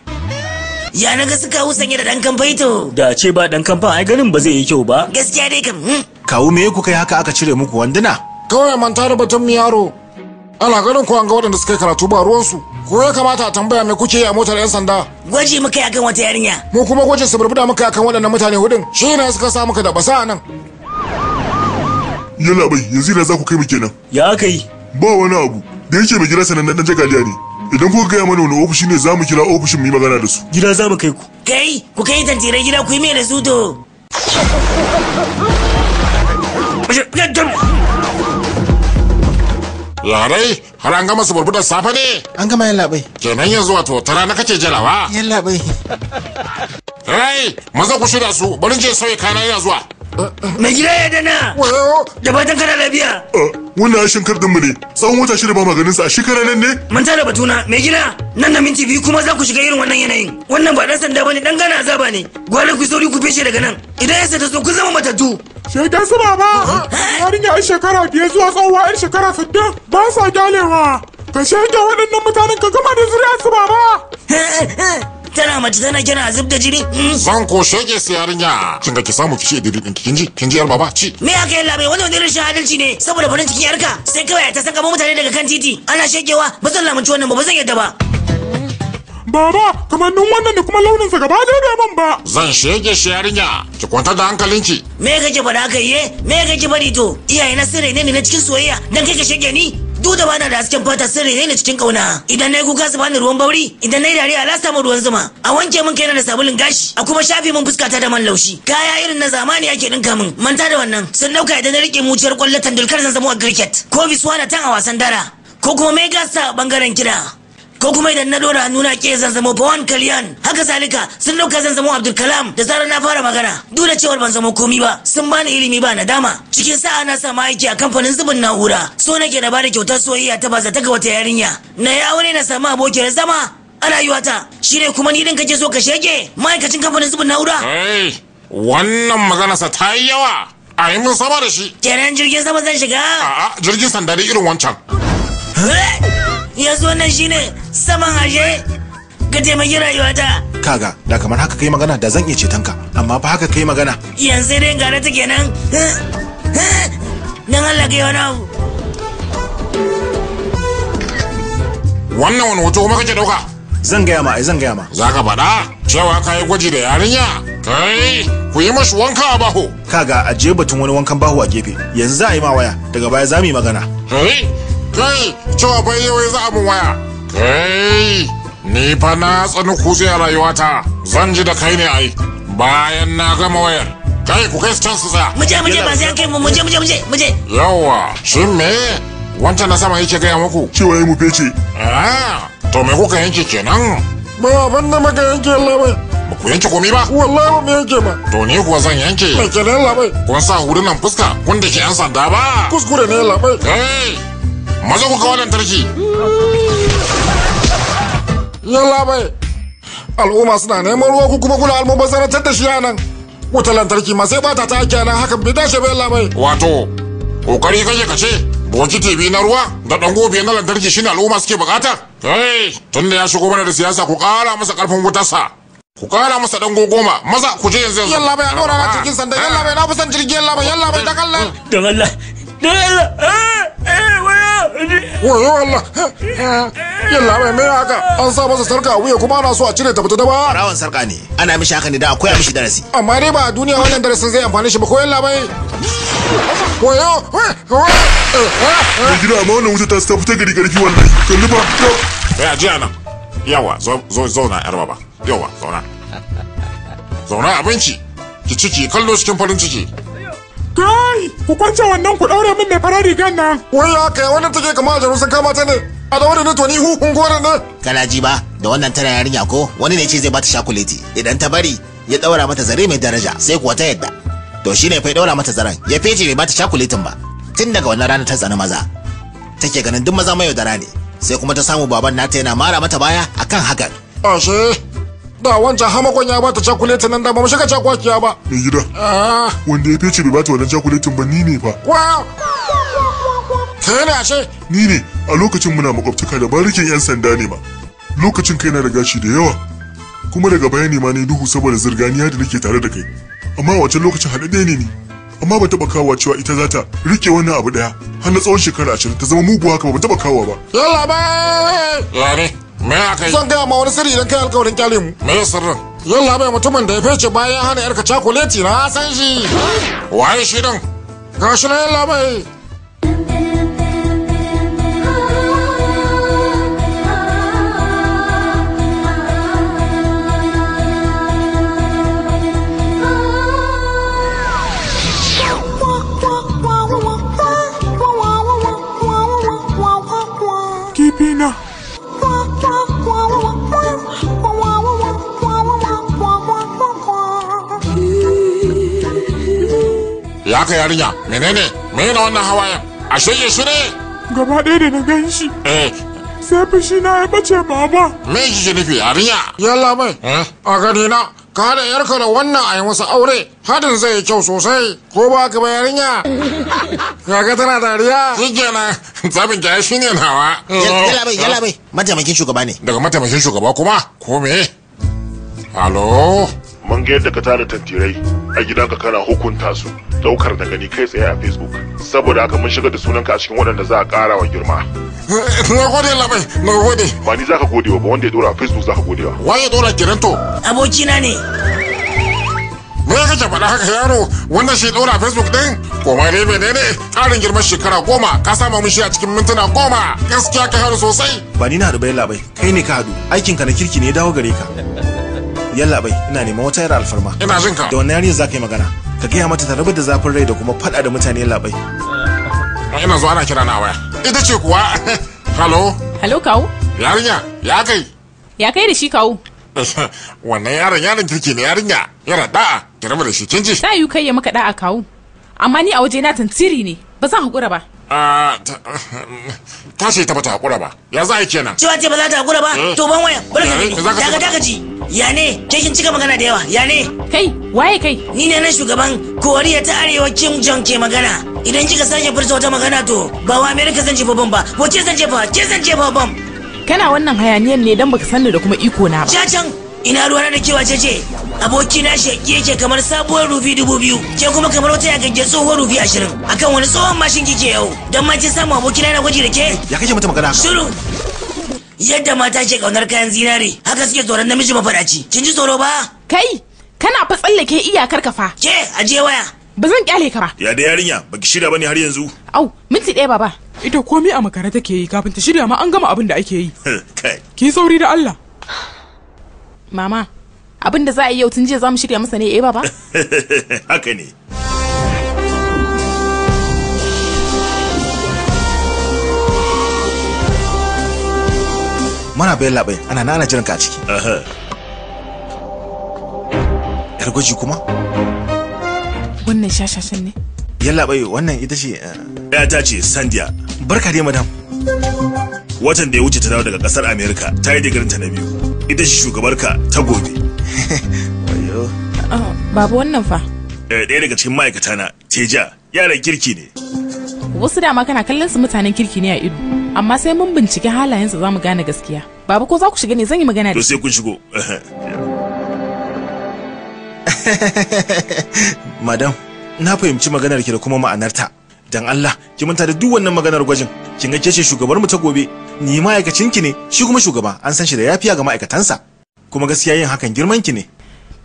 Ya na ga suka sanye da dan kamfai to. Da ce ba dan kamfan ai ganin ba zai yi kyau ba. Gaskiya dai kam. Hmm? Kawu me kuka yi haka aka cire muku wanduna? Kawai manta da batun mi yaro. ala ganin ko an ga waɗanda suka karatu ba ruwansu. Ko ya kamata a tambaya me kuke yi a motar 'yan sanda? Gwaji muka yi akan wata yarinya. Mu kuma gwajin su suburbuda muka yi akan waɗannan mutane hudun. Shi ne suka sa muka da basa nan. yalla bai yanzu ina za ku kai mu kenan ya kai ba wani abu da yake mai gida sanannen dan jagaliya ne idan kuka gaya mana wani ofishi ne za mu kira ofishin mu yi magana da su gida za mu kai ku kai ku kai tantirai gida ku yi mai da su to Larai, har an gama su burbuɗar safe ne? An gama yalla bai Kenan yanzu wato tara na kake jalawa? yalla bai Rai, maza ku shirya su, bari je sauya kana yana zuwa. Mai gida ya dana. Da fatan kana lafiya. Eh, wannan ya shinkar mu ne. Tsawon wata shida ba maganin a Shekara nan ne? Mun tada batuna. Mai gida, nan na minti biyu kuma za ku shiga irin wannan yanayin. Wannan ba dan sanda bane, dan gana azaba ne. Gwale ku sauri ku feshe daga nan. Idan ya sata so ku zama matattu. Shaidan su baba. Yarinya yan shekara biyar zuwa tsawa yan shekara sittin ba sa dalewa. Ka shaida waɗannan mutanen ka gama da zuriya su baba. Eh, eh, tana mace tana kina zub da jini zan ko shege su yarinya kin ga ki samu ki ce diri din kin ji kin ji yar baba ci me aka yi bai wannan irin shahadalci ne saboda farin cikin yarka sai kawai ta saka mutane daga kan titi ana shekewa ba zan lamunci wannan ba ba zan yadda ba Baba, kamannin wannan da kuma launinsa gaba da gaban ba. Zan shege shi yarinya, ki kwanta da hankalinki. Me kake faɗa kai ye? Eh? Me kake bari to? Iyaye na sirri ne ne na cikin soyayya, dan kai ka shege ni? duk da bana da hasken fata sun ne cikin kauna idan nayi kuka su bani ruwan bauri idan na yi dariya lasta mu ruwan zuma a wanke min kaina da sabulin gashi a kuma shafe min fuskata da man laushi kaya irin na zamani ake ɗinka mun. manta da wannan sun dauka idan na rike muciyar kwallon tandulkar zan zama a cricket ko biswana tan a wasan dara ko kuma mega sa bangaren kira ko kuma idan na dora hannuna ke zanzamo zamo Pawan Kalyan haka zalika sun dauka zanzamo Abdul Kalam da zarar na fara magana duk da cewar ban zama komi ba sun bani ilimi ba nadama cikin sa'a na samu aiki a kamfanin zubin na'ura so nake da bada kyautar soyayya ta baza ta ga wata yarinya na ya aure na samu abokiyar zama a rayuwata shine kuma ni din kake so ka shege ma'aikacin kamfanin zubin na'ura wannan maganarsa ta yi yawa a yi mun sama da shi kenan jirgin sama zan shiga a'a jirgin sanda irin wancan ya zo nan shine saman haje ga taimaki rayuwata kaga da kamar haka kai magana da zan iya ceton ka amma fa haka kai magana yanzu dai gara ta kenan Nan Allah yi wani abu wannan wani hoto kuma kake dauka zan gaya ma zan gaya ma za ka faɗa cewa ka yi gwaji da yarinya kai ku yi mashi wanka a baho kaga ajiye batun wani wankan baho a gefe yanzu za a yi ma waya daga baya za mu yi magana kai cewa bai yawai eh za a mun waya kai ni fa na tsani kutse a rayuwata zan ji da kai ne ai bayan na gama wayar kai ku kai su tsaya muje muje ba sai kai mu muje muje muje muje yawa shin me wancan na sama yake gaya muku cewa ya mu fece ah to me kuka yanke kenan ba ban da maka yanke labai ba ku yanke komai ba wallahi ba mu yanke ba to ni kuwa zan yanke ba kenan labai kun sa hurunan fuska kun da ke yan sanda ba kuskure ne labai kai maza ku ga wannan yalla bai al'umma suna neman ruwa ku kuma kuna almubazarantar da shi a nan wutar lantarki ma sai bata ta ake nan hakan bai dace bai labai wato kokari kake kace bokiti biyu na ruwa da dan gobe na lantarki shine al'umma suke bukata kai tunda ya shigo mana da siyasa ku kara masa karfin wutarsa ku kara masa dan goma maza ku je yanzu yanzu yalla bai an dora na cikin sanda yalla bai na fusan jirgin yalla bai yalla bai ta kallan dan Allah dan Allah eh eh wayo Allah eh, yalla mai mai haka an sa masa sarka wuya kuma ana so a cire ta da ba rawan sarka ne ana mishi haka ne da akwai mishi darasi amma dai ba a duniya wannan darasin zai amfani shi ba ko yalla mai wayo mai gida amma wannan ta fita gari garki wallahi kalli ba ya ji ana yawa zauna yar baba yawa zauna zauna abinci ki ciki kallo cikin farin ciki Kai, ku kwance wannan ku ɗaure min ne farar rigan nan. Wai ya kai wannan take kama a jarusan kama ta ne. A da wani to ni hukun gore ne. Kana ji ba, da wannan tana yarinya ko wani ne ce zai bata shakuleti. Idan ta bari ya ɗaura mata zare mai daraja sai kuwa ta yadda. To shi ne fai daura mata zaren ya fece bai bata shakuletin ba. Tun daga wannan rana ta tsani maza. Take ganin duk maza mai yaudara ne. Sai kuma ta samu baban nata yana mara mata baya akan hakan. Ashe. da wancan hamakon ya bata cakuletin nan da ba mu shiga ya ba mai gida ah. wanda ya fece bai bata wannan cakuletin ba ni ne fa kai ne ashe ni ne a lokacin muna makwabtaka da barikin yan sanda ne ma lokacin kai na da gashi da yawa kuma daga bayani ma ne duhu saboda zirganiya da nake tare da kai amma wancan lokacin haɗaɗɗe ne ni amma ba taɓa kawa cewa ita za ta rike wannan abu ɗaya har na tsawon shekara ashirin ta zama muguwa haka ba taɓa kawo ba. Yalla ba! Yare. me akai zan gaya ma wani sirri idan kai alkawarin kyale mu me sirrin yalla bai mutumin da ya fece bayan ya hana yarka cakuleti na san shi waye shi nan. gashi na yalla bai ya ka yarinya menene me na wannan hawayen a shirye shi ne gaba ɗaya da na gan shi eh sai fushi na ya bace baba me ke nufi yarinya yalla mai eh? a gani na ka haɗa yarka da wannan a yi masa aure hadin zai yi kyau sosai ko ba ka ba yarinya [LAUGHS] kaga tana dariya shi kenan zaɓin ki shi ne nawa yalla bai yalla bai mataimakin shugaba ne daga mataimakin shugaba kuma ko me halo mun ga yadda ka tara tantirai a gidanka kana hukunta su daukar da gani kai tsaye a facebook saboda haka mun shiga da sunanka a cikin waɗanda za a ƙara wa girma na gode labai na gode ba ni ka gode ba wanda ya dora a facebook za ka gode wa waye dora kiran to abokina ne me ya kace faɗa haka yaro wanda shi dora a facebook din koma dai ne ƙarin girman shekara goma ka sama mun shi a cikin mintuna goma gaskiya ka haɗu sosai ba ni na haɗu bai labai kai ne ka haɗu aikinka na kirki ne ya dawo gare ka yalla bai ina nema wata yar alfarma ina jin ka da wannan yarinya zaka yi magana ka gaya mata ta rabu da zafin rai da kuma faɗa da mutane yalla bai ina zo ana kira na waya ita ce kuwa hallo. [LAUGHS] hallo kawo yarinya ya kai ya kai da shi kawo [LAUGHS] wannan yaron yaron kirki ne yarinya yana da'a ki da shi kin ji ta yi kai ya maka da'a kawo amma ni a waje na tantiri ne ba zan haƙura ba Ah, ta ce ta bata hakura ba ya za a kenan cewa ce ba za ta hakura ba eh. to ban waya bari ka eh, gani daga daga ji ya ne ke kin cika magana da yawa ya ne kai waye kai ni ne na shugaban koriya ta arewa kim jong ke magana idan kika sake furta wata magana to ba wa america zan jefa bom ba ko ke zan jefa ke zan jefa bom kana wannan hayaniyan ne dan baka sanni da kuma iko na ba cacan ina ruwa na da kewa ce ce aboki na sheki yake kamar sabuwar rufi dubu biyu ke kuma kamar wata yagaggen tsohuwar rufi ashirin akan wani tsohon mashin kike yau don ma samun samu aboki na gwaji da ke ya kake mata magana shiru yadda mata ke kaunar kayan zinare haka suke tsoron namiji mafadaci kin ji tsoro ba kai kana fa tsallake iyakar ka fa ke aje waya ba zan kyale ka ba ya da yarinya baki shirya bane har yanzu au minti ɗaya baba ita komai a makara take yi kafin ta shirya ma an gama abin da ake yi [LAUGHS] kai ki sauri da Allah mama abinda za a yi yau tun jiya za mu shirya masa ne eh baba [LAUGHS] haka ne mana bayan labai ana nana jiran ka a ciki yar gwaji kuma wannan shashashan ne yalla bai wannan ita ce eh, ta ce sandiya barka dai madam watan da ya wuce ta dawo daga kasar america ta yi digirinta na biyu ita ce shugabarka ta gobe ah, babu wannan fa eh, ɗaya daga cikin ma'aikata na teja yaran kirki ne wasu dama kana kallon su mutanen kirki ne a ido amma sai mun bincike halayensu za mu gane gaskiya babu ko za ku shiga ne zan yi magana da to sai kun shigo [LAUGHS] madam na fahimci maganar ki da kuma ma'anarta dan Allah ki manta da duk wannan maganar gwajin kin ga ce shugabar mu ta gobe ni ma'aikacin ki ne shi kuma shugaba an san shi da yafiya ga ma'aikatansa kuma gaskiya yin hakan girman ki ne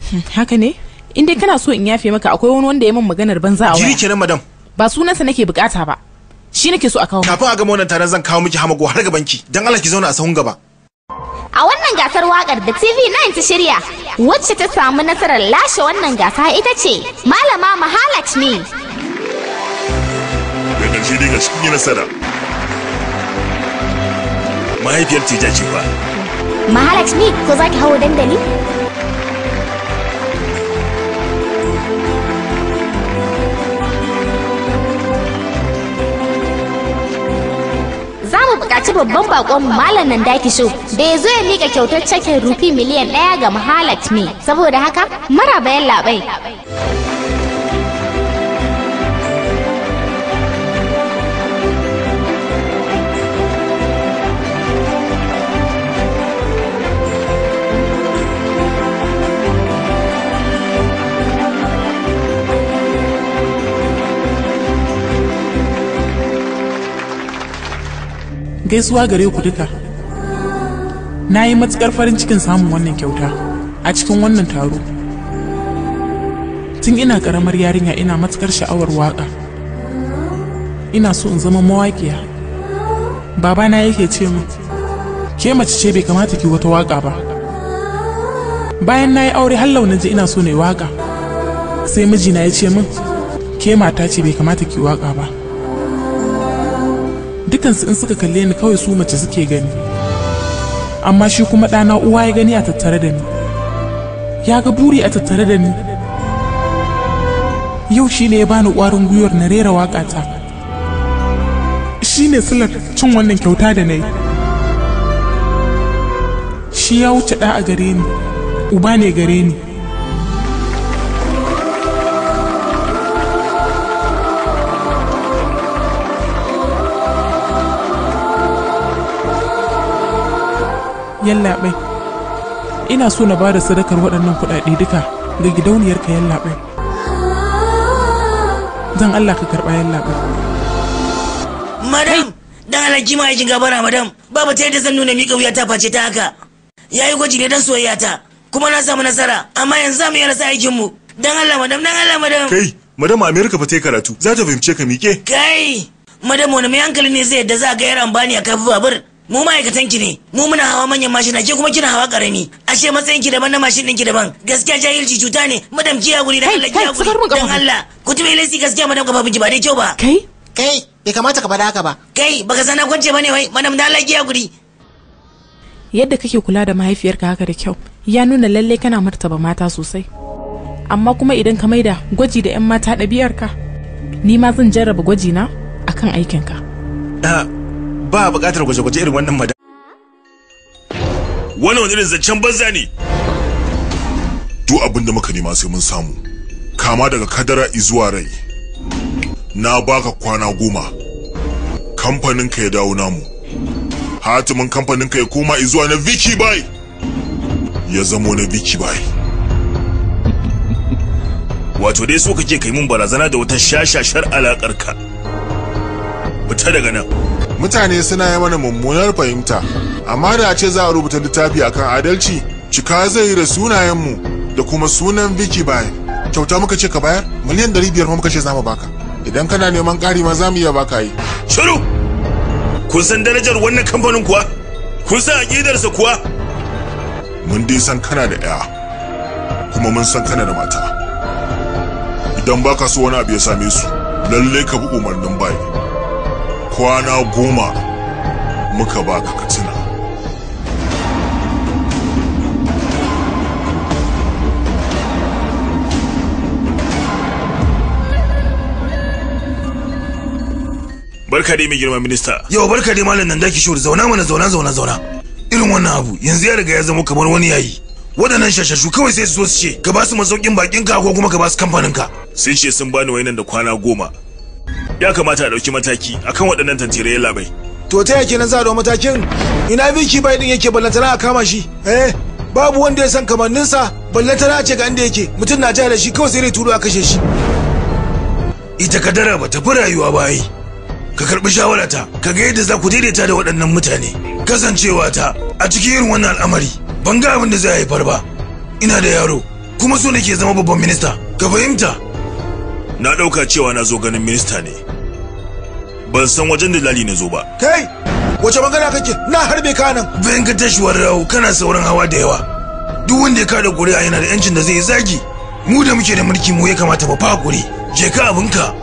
hmm, haka ne in dai kana so in yafe maka akwai wani wanda ya min maganar banza a waya madam ba sunansa nake bukata ba shi nake so a kawo kafin a gama wannan taron zan kawo miki hamago har gaban ki dan Allah ki zauna a sahun gaba a wannan gasar wakar da TV9 ta shirya wacce ta samu nasarar lashe wannan gasa ita ce malama mahalakshmi da ƙarshe nasara mahaifiyar tija ce ba mahalakshmi ko za ki hawo dandali za mu buƙaci babban bakon malam nan daki so da ya zo ya miƙa kyautar cakin rufi miliyan ɗaya ga mahalat ne saboda haka mara bayan labai gaisuwa gare ku duka na yi matukar farin cikin samun wannan kyauta a cikin wannan taro tun ina karamar yarinya ina matukar sha'awar waka ina so in zama mawaƙiya babana yake ce min ke mace ce bai kamata ki wata waka ba bayan na yi aure har na ji ina so na yi waka sai mijina ya ce min ke mata ce bai kamata ki waka ba dukansu in suka kalle ni kawai su mace suke gani amma shi kuma ɗana uwa ya gani a tattare da ni ya ga buri a tattare da ni yau shi ne ya bani ƙwarin gwiwar na rera waƙata shi ne silar cin wannan kyauta da na yi shi ya wuce ɗa a gare ni uba ne gare ni yallaɓai ina so na bada sadakar waɗannan kuɗaɗe duka ga gidauniyar ka yallaɓai dan Allah ka karɓa yallaɓai madam dan alhaji ma yakin gabara madam babu ta yadda zan nuna miƙa wuya ta face ta haka yayi gwaji ne dan soyayya ta kuma na samu nasara amma yanzu za mu yi rasa aikin mu dan Allah madam dan Allah madam kai madam America fa tai karatu za ta fahimce ka miƙe kai madam wani mai hankali ne zai yadda za ga yar ambani a kafin babur mu ma'aikatan ki ne mu muna hawa manyan mashina ke kuma kina hawa karami ashe matsayin ki daban na mashin ɗin ki daban gaskiya jahilci cuta ne madam ki ya guri dan Allah ki guri dan Allah ku tube lesi gaskiya madam gaba ki ba dai kyau ba kai kai bai kamata ka faɗa haka ba kai baka sana kwance bane wai madam da Allah ki ya guri yadda kake kula da mahaifiyarka haka da kyau ya nuna lalle kana martaba mata sosai amma kuma idan ka maida gwaji da 'yan mata ɗabi'arka ni ma zan jarraba gwajina akan aikinka. Ah, ba buƙatar gwaje-gwaje irin wannan madara. wannan wani irin zancen banza ne duk abinda da muka nema sai mun samu kama daga kadara izuwa rai na baka kwana goma kamfaninka ya dawo namu hatimin kamfaninka ya koma izuwa na viki bai ya zamo na viki bai wato dai so kake kai mun barazana da wata shashashar ka fita daga nan mutane suna yi mana mummunar fahimta amma da a ce za a rubuta littafi akan adalci cika zai yi da sunayenmu da kuma sunan biki bayan kyauta muka ce ka bayar miliyan 500 muka ce za mu baka idan kana neman ƙari ma za mu iya baka yi shiru kun san darajar wannan kamfanin kuwa kun san aƙidarsa kuwa mun dai san kana da ɗaya kuma mun san kana da mata idan baka so wani abu ya same su lallai ka bi umarnin bayi kwana goma muka baka ka tuna barka dai mai girma minista yau barka dai malam nan daki shuri zauna mana zauna zauna zauna irin wannan abu yanzu ya riga ya zama kamar wani yayi waɗannan shashashu kawai sai su zo su ce ka ba su masaukin bakin ka ko kuma ka ba su kamfanin ka sun ce sun bani wayanan da kwana goma ya kamata a ɗauki mataki akan waɗannan tantire ya labai to ta yake nan za a matakin ina biki bai din yake ballantana a kama shi eh babu wanda ya san kamanninsa ballantana ce ga inda yake mutum na jaya da shi kawai sai dai turo a kashe shi ita kadara ba ta fi rayuwa ba yi ka karɓi shawarata ka ga yadda za ku daidaita da waɗannan mutane kasancewa ta a cikin irin wannan al'amari ban ga abin da zai haifar ba ina da yaro kuma so nake zama babban minista ka fahimta na ɗauka cewa na zo ganin minista ne ban san wajen da lali na zo ba kai wace magana kake na harbe ka nan venkateshwar rau kana sauran hawa da yawa duk wanda ya kada kuri'a yana da yancin da zai zagi mu da muke da mulki mu ya kamata ba fa guri je ka abinka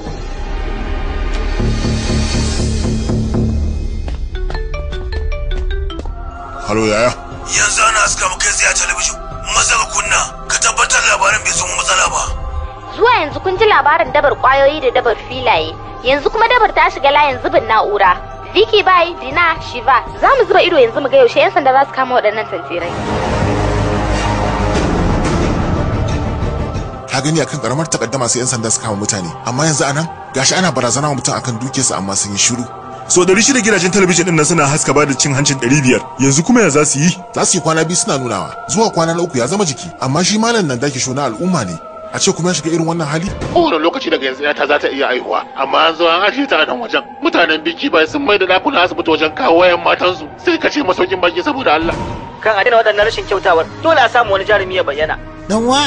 halo yaya yanzu ana aska mu kai tsaye talabijin maza ka kunna ka tabbatar labarin bai samu matsala ba Zuwa yanzu kun ji labarin dabar kwayoyi da dabar filaye, yanzu kuma dabar ta shiga layin zubin na'ura. Vicky Bai, Dina, Shiva, za mu zuba ido yanzu mu ga yaushe 'yan sanda za su kama waɗannan tantirai. Ka gani akan karamar takaddama sai 'yan sanda su kama mutane, amma yanzu anan gashi ana barazana wa mutum akan dukiyarsa amma sun yi shiru. so da shida gidajen talabijin din nan suna haska ba da cin hancin ɗari 500 yanzu kuma ya za su yi za su yi kwana biyu suna nunawa zuwa kwana na uku ya zama jiki amma shi malam nan dake shona al'umma ne a ce kuma ya shiga irin wannan hali kowane lokaci daga yanzu ta za ta iya aihuwa amma an zo an ajiye ta a nan wajen mutanen biki bai sun mai da dakunan asibiti wajen kawo wayan matansu sai ka ce masaukin baki saboda Allah kan a daina waɗannan rashin kyautawar dole a samu wani jarumi ya bayyana dan wa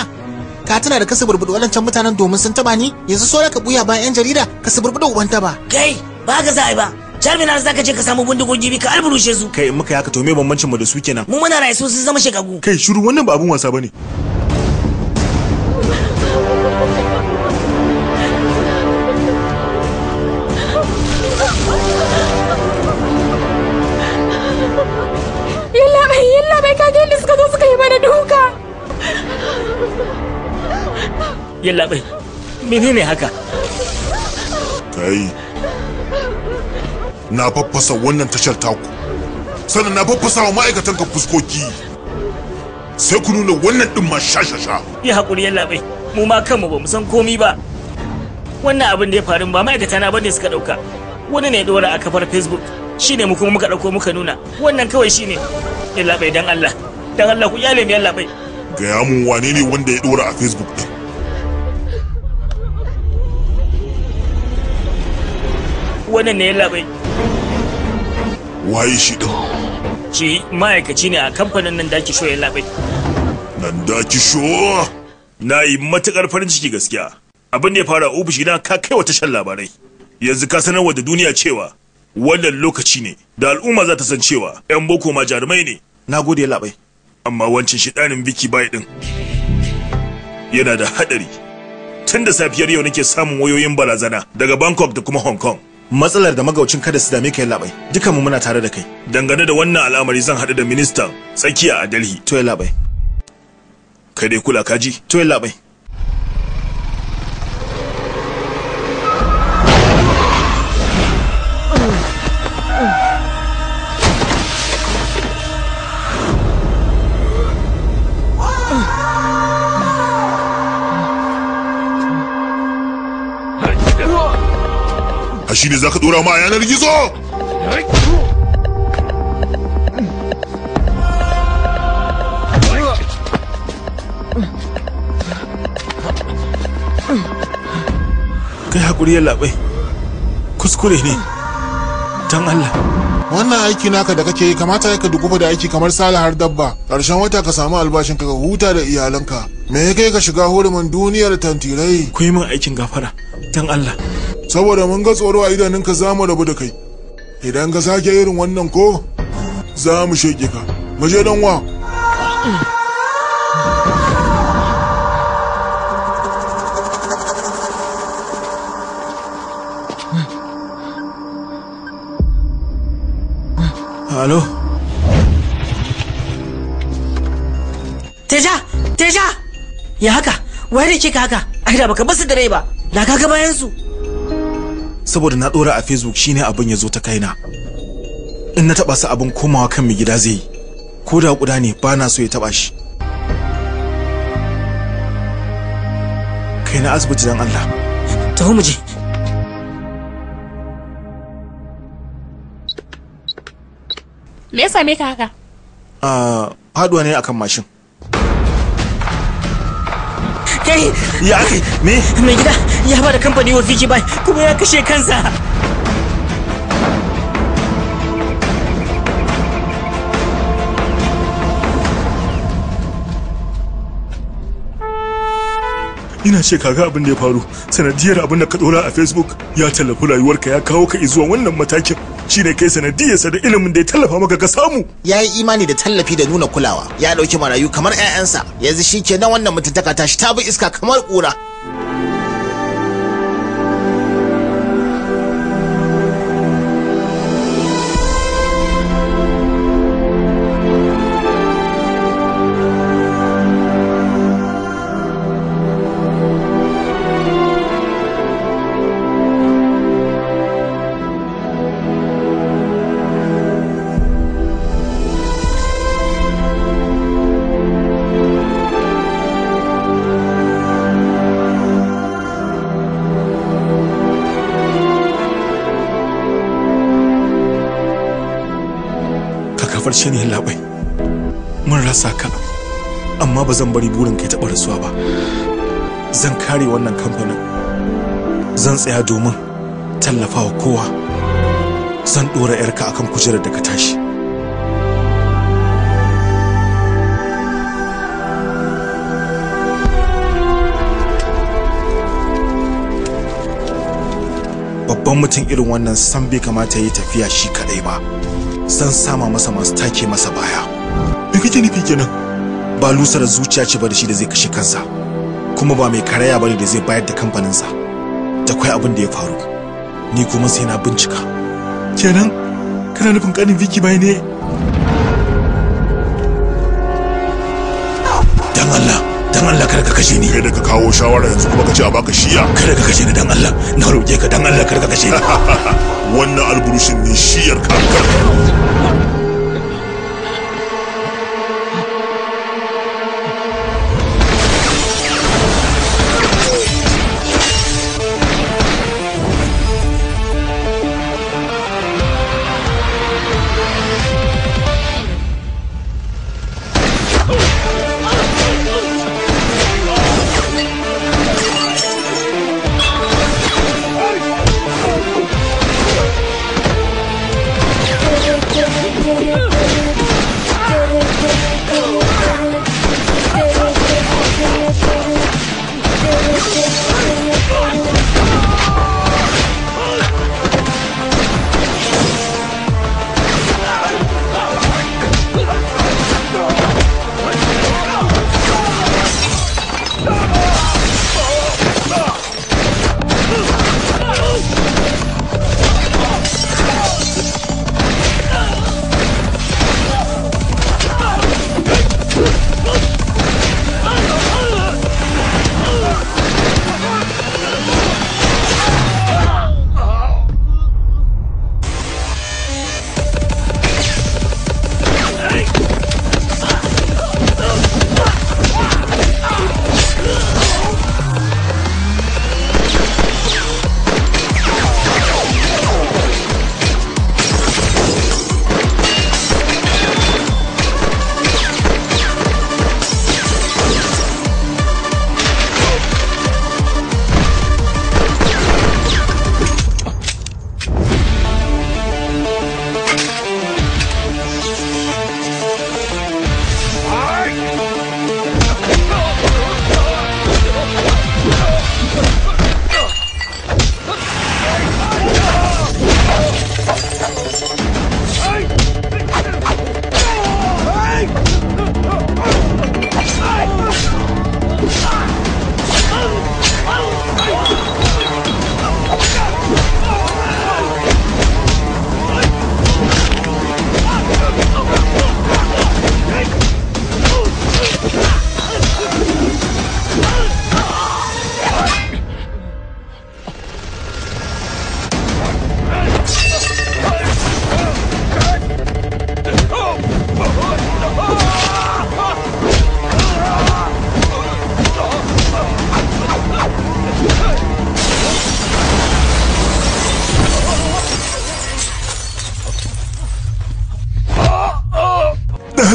ka tana da kasa burbuɗe waɗancan mutanen domin sun taba ni yanzu so ka buya bayan yan jarida ka su burbuɗe uban ba. kai ba ga za'a ba Charminar za ka je ka samu bindigogi bi ka alburushe su. Kai in muka yaka to me bambancin mu da su kenan. Mu muna rayu su sun zama shekagu. Kai shiru wannan ba abun wasa bane. mana duka yalla bai menene haka kai na faffasa wannan tashar taku sannan na faffasa wa ma'aikatan ka fuskoki sai ku nuna wannan din ma shashasha yi hakuri yalla bai mu ma kanmu ba mu san komi ba wannan abin da ya faru ba ma'aikata na bane suka dauka wani ne dora a kafar facebook shine mu kuma muka dauko muka nuna wannan kawai shine yalla bai dan Allah dan Allah ku ya mu yalla bai gaya mun wane ne wanda ya dora a facebook din wannan ne yalla bai waye shi din ci ma'aikaci ne a kamfanin nan daki show yalla bai nan daki show na yi matukar farin ciki gaskiya abin da ya fara ofishi na ka kai wa tashar labarai yanzu ka sanarwa da duniya cewa wannan lokaci ne da al'umma za ta san cewa 'yan boko ma jarumai ne na gode labai amma wancan shidanin biki bai ɗin. yana da haɗari. tun da safiyar yau nake samun wayoyin barazana daga Bangkok da kuma Hong Kong matsalar da magaucin kada su dame ka labai dukan mu muna tare da kai dangane da wannan al'amari zan hadu da ministan tsakiya a Delhi to ya labai kai dai kula kaji to ya labai ne za ka dora ma yanar gizo kai haƙuri ya laɓai kuskure ne don Allah wannan aiki naka da kake yi kamata ya ka dukufa da aiki kamar sala har dabba ƙarshen wata ka samu albashin ka huta da iyalanka me ya kai ka shiga hurumin duniyar tantirai ku yi min aikin gafara don Allah saboda mun ga tsoro a idanunka za mu rabu da kai idan ka sake irin wannan ko za mu shege ka maje je dan wa Alo? Teja! Teja! Ya haka, wai da kika haka, ai da baka basu da rai ba, na kaga bayan su. saboda na dora a facebook shine abin ya zo ta kaina in na taba su abin komawa kan mai gida zai yi ko da kuda ne ba na so ya taba shi kai na asibiti dan Allah taho mu je me yasa me ka haka ah haduwa ne akan mashin kai ya ake me mai gida ya ba da kamfani wa fiki bai kuma ya kashe kansa ina ce kaga abin da ya faru sanadiyar abin da ka dora a facebook ya tallafi rayuwarka ya kawo ka zuwa wannan matakin shine kai sanadiyarsa da ilimin da ya tallafa maka ka samu ya yi imani da tallafi da nuna kulawa ya ɗauki marayu kamar 'ya'yansa yanzu shi kenan wannan mutuntaka tashi ta bi iska kamar ƙura tashe labai mun rasa ka amma ba zan bari burin kai taɓa rasuwa ba zan kare wannan kamfanin zan tsaya domin tallafawa kowa zan ɗora 'yarka akan kujerar da ka tashi babban mutum irin wannan san bai kamata ya yi tafiya shi kaɗai ba san sama masa masu take masa baya me kake nufi kenan ba lusar zuciya ce ba da shi da zai kashe kansa kuma ba mai karaya ba ne da zai bayar da kamfaninsa da kwai abin da ya faru ni kuma sai na bincika kenan kana nufin kanin viki bai ne dan Allah kar ka kashe ni kai da ka kawo shawara yanzu kuma ka ce a baka shiya kada ka kashe ni dan Allah na roƙe ka dan Allah kar ka kashe ni [LAUGHS] wannan alburushin ne shiyar karkar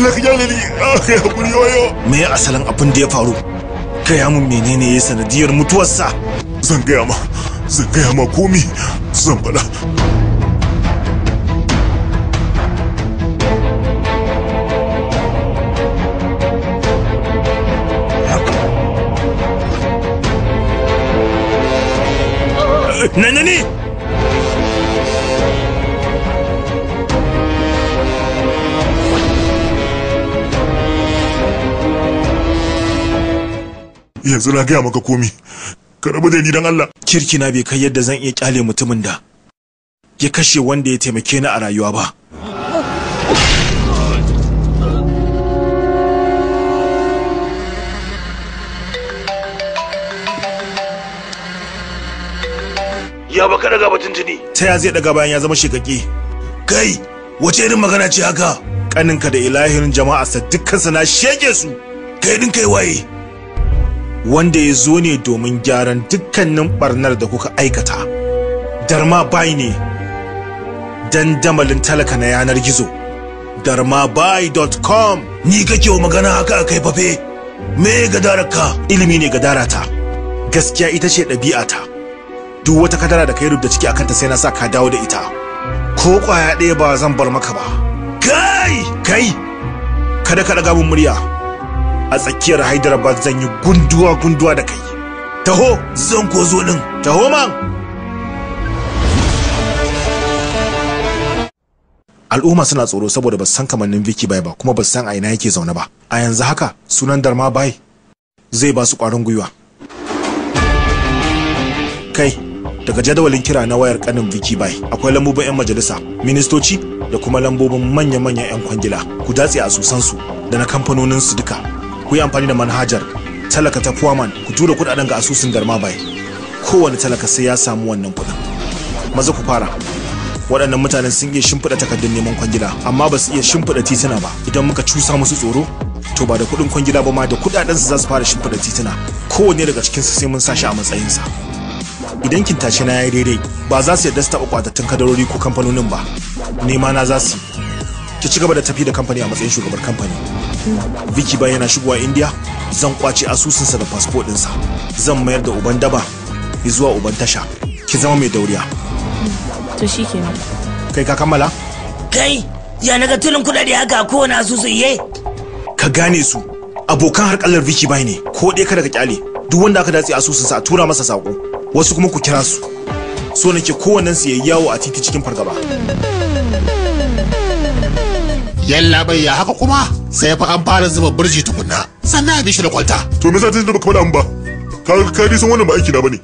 Allah ka gyara ni ah, kai hakuri yoyo me asalin abin da ya faru gaya mun menene ya sanadiyar mutuwarsa zan gaya ma zan gaya ma komi zan faɗa Nanani! yanzu na gaya maka komi ka rabu da ni dan Allah kirki na bai kai yadda zan iya kyale mutumin da ya kashe wanda ya taimake ni a rayuwa ba ya baka daga batun tuni ta ya zai daga bayan ya zama shekaki kai wace irin magana ce haka kaninka da ilahirin jama'a sa dukkan na shege su kai din kai waye wanda ya zo ne domin gyaran dukkanin ɓarnar da kuka aikata darma bai ne dandamalin talaka na yanar gizo dot com. ni kake wa magana haka a kai fafe me gadararka ilimi ne gadarata gaskiya ita ce ɗabi'ata duk wata kadara da kai rubuta ciki akan ta sai na sa ka dawo da ita ko kwaya ɗaya ba zan bar maka ba kai kai kada ka ɗaga mun murya a tsakiyar Hyderabad zan yi gunduwa gunduwa da kai taho zan ko zo taho man al'umma suna tsoro saboda ba san kamannin Vicky Bai ba kuma ba san a ina yake zaune ba a yanzu haka sunan Darma Bai zai ba su ƙwarin gwiwa kai daga jadawalin kira na wayar kanin Vicky Bai akwai lambobin 'yan majalisa ministoci da kuma lambobin manya-manyan 'yan kwangila ku datse a su da na kamfanonin su duka ku yi amfani da manhajar talaka ta Kwaman ku tura kudaden ga asusun Garma bai kowane talaka sai ya samu wannan kudin maza ku fara waɗannan mutanen sun iya shimfiɗa takardun neman kwangila amma ba su iya shimfiɗa tituna ba idan muka cusa musu tsoro to ba da kuɗin kwangila ba ma da kuɗaɗen su za su fara shimfiɗa tituna kowanne daga cikin su sai mun sashi a matsayinsa idan kin tashi na yayi daidai ba za su yarda su taɓa kwatattun kadarori ko kamfanonin ba nema na za su ki ci gaba da tafi da kamfani a matsayin shugabar kamfani Vicky ba yana shigowa India zan kwace asusunsa da fasfo ɗinsa zan mayar da uban daba zuwa uban tasha ki zama mai dauriya. To shi Kai ka kammala? Kai ya naga tulin kuɗaɗe haka ko kowane asusu iye. Ka gane su abokan harkalar Vicky bai ne ko ɗaya ka kyale duk wanda aka datse asusunsa a tura masa sako wasu kuma ku kira su. So nake kowannen su yayi yawo a titi cikin fargaba. Yalla ya haka kuma? sai fa an fara zuba burji tukunna sannan a bi shi da kwalta to me yasa zuba kwalta ba ka ka dai san wannan ba aiki na bane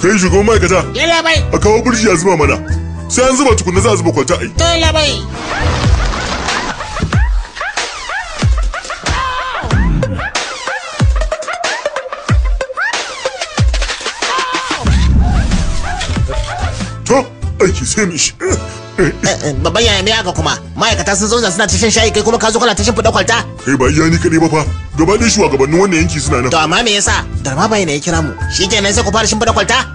kai shugaban ma'aikata yalla bai a kawo burji a zuba mana sai an zuba tukunna za a zuba kwalta ai to yalla bai To, aiki sai Eh, eh, babban yaya ne aka kuma ma'aikata sun zauna suna shan shayi kai kuma ka zo kana shan fuda kwalta kai ba iya ni kadai ba fa gaba ɗaya shugabannin wannan yanki suna nan to amma me yasa darma bai ne ya kira mu shikenan sai ku fara shin fuda kwalta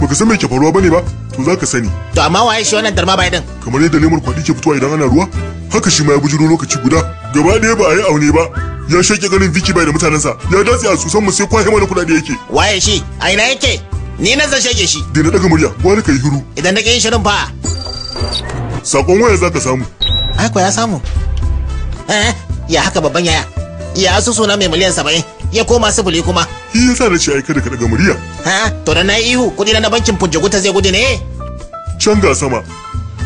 baka san me ke faruwa bane ba to zaka sani to amma waye shi wannan darma bai din kamar yadda lemur kwadi ke fitowa idan ana ruwa haka shi ma ya bujuro lokaci guda gaba ɗaya ba a yi aune ba ya shake ganin viki bai da mutanensa ya datse a susan mu sai kwahe mana kuɗaɗe yake waye shi a ina yake ni na zan shake shi da na daga murya gwani kai huru idan na ƙin shirin fa Sakon waya za ka samu. Aiko ya samu. Eh, ya haka babban yaya. Ya asusu na mai miliyan saba'in ya koma sifili kuma. Shi sa na ce ai kada ka daga murya. Ha, to da na yi ihu kudi na bankin ta zai gudu ne. Can ga sama,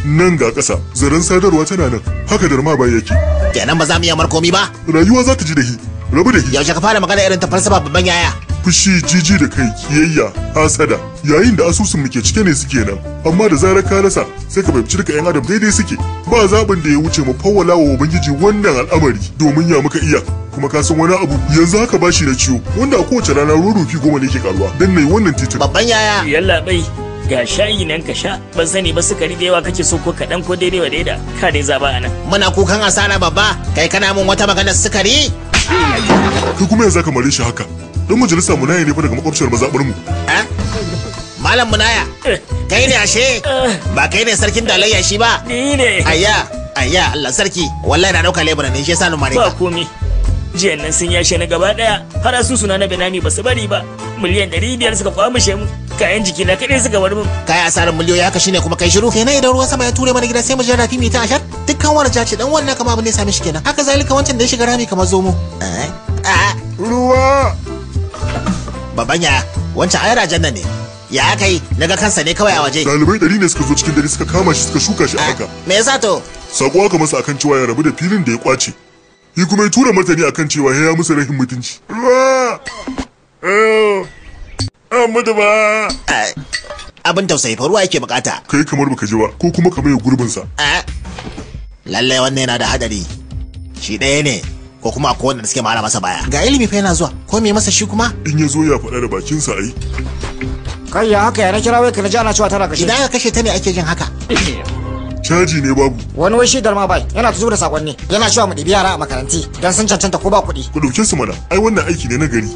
nan ga ƙasa, zaren sadarwa tana nan, haka darma ba yake. Kenan ba za mu iya markomi ba. Rayuwa za ta ji da hi, rabu da hi. Yaushe ka fara magana irin ta falsafa babban yaya. fushi jiji da kai kiyayya hasada yayin da asusun muke cike ne suke nan amma da zarar ka rasa sai ka bayyana duka yan adam daidai suke ba zaɓin da ya wuce mu fawwala wa ubangiji wannan al'amari domin ya muka iya kuma ka san wani abu yanzu haka bashi na ciwo wanda a kowace rana ruwan rufi goma ne ke karuwa dan nayi wannan titin babban yaya yalla bai ga shayi nan ka sha ban sani ba sukari da yawa kake so ko kaɗan ko daidai wa daida ka dai zaba a nan. muna kukan asara babba kai kana min wata maganar sukari. Kai kuma yanzu ka mare shi haka don majalisar munaya ne fa daga makwabciyar mazaɓar mu eh? malam munaya kai ne ashe ba kai ne sarkin dalayya shi ba ni ne ayya ayya Allah sarki wallahi na ɗauka lebura ne shi yasa ni mare ba komi jiyan nan sun yashe na gaba daya har asusu na na benami ba su bari ba miliyan ɗari biyar suka kwamishe mu kayan jiki na kadai suka bar mun kai asarar miliyoyi haka shine kuma kai shiru kenan idan ruwan sama ya ture mana gida sai mu jira rafi mai ta ashar dukkan wani jace dan wannan kama abin da ya same shi kenan haka zalika wancan da ya shiga rami kamar zomo ruwa babban ya wancan ai nan ne ya kai naga kansa ne kawai a waje dalibai dari ne suka zo cikin dare suka kama shi suka shuka shi a ah, haka me yasa to sako aka masa akan cewa ya rabu da filin da ya kwace yi kuma ya tura martani akan cewa ya musu rahin mutunci an mutu ba abin tausayi faruwa yake bukata kai kamar baka ji ba ko kuma ka ya gurbinsa ah, lallai wannan yana da hadari shi ɗaya ne ko kuma akwai wanda suke mara masa baya ga ilimi fa yana zuwa ko me masa shi kuma in ya zo ya faɗa da sa ai kai ya haka ya na kira wai ka na ji ana cewa tana kashe idan ka kashe ta ne ake jin haka caji ne babu wani wai shaidar ma bai yana tuzo da sakonni yana cewa mu ɗibi yara a makaranti dan sun cancanta ko ba kuɗi ku ɗauke su mana ai wannan aiki ne na gari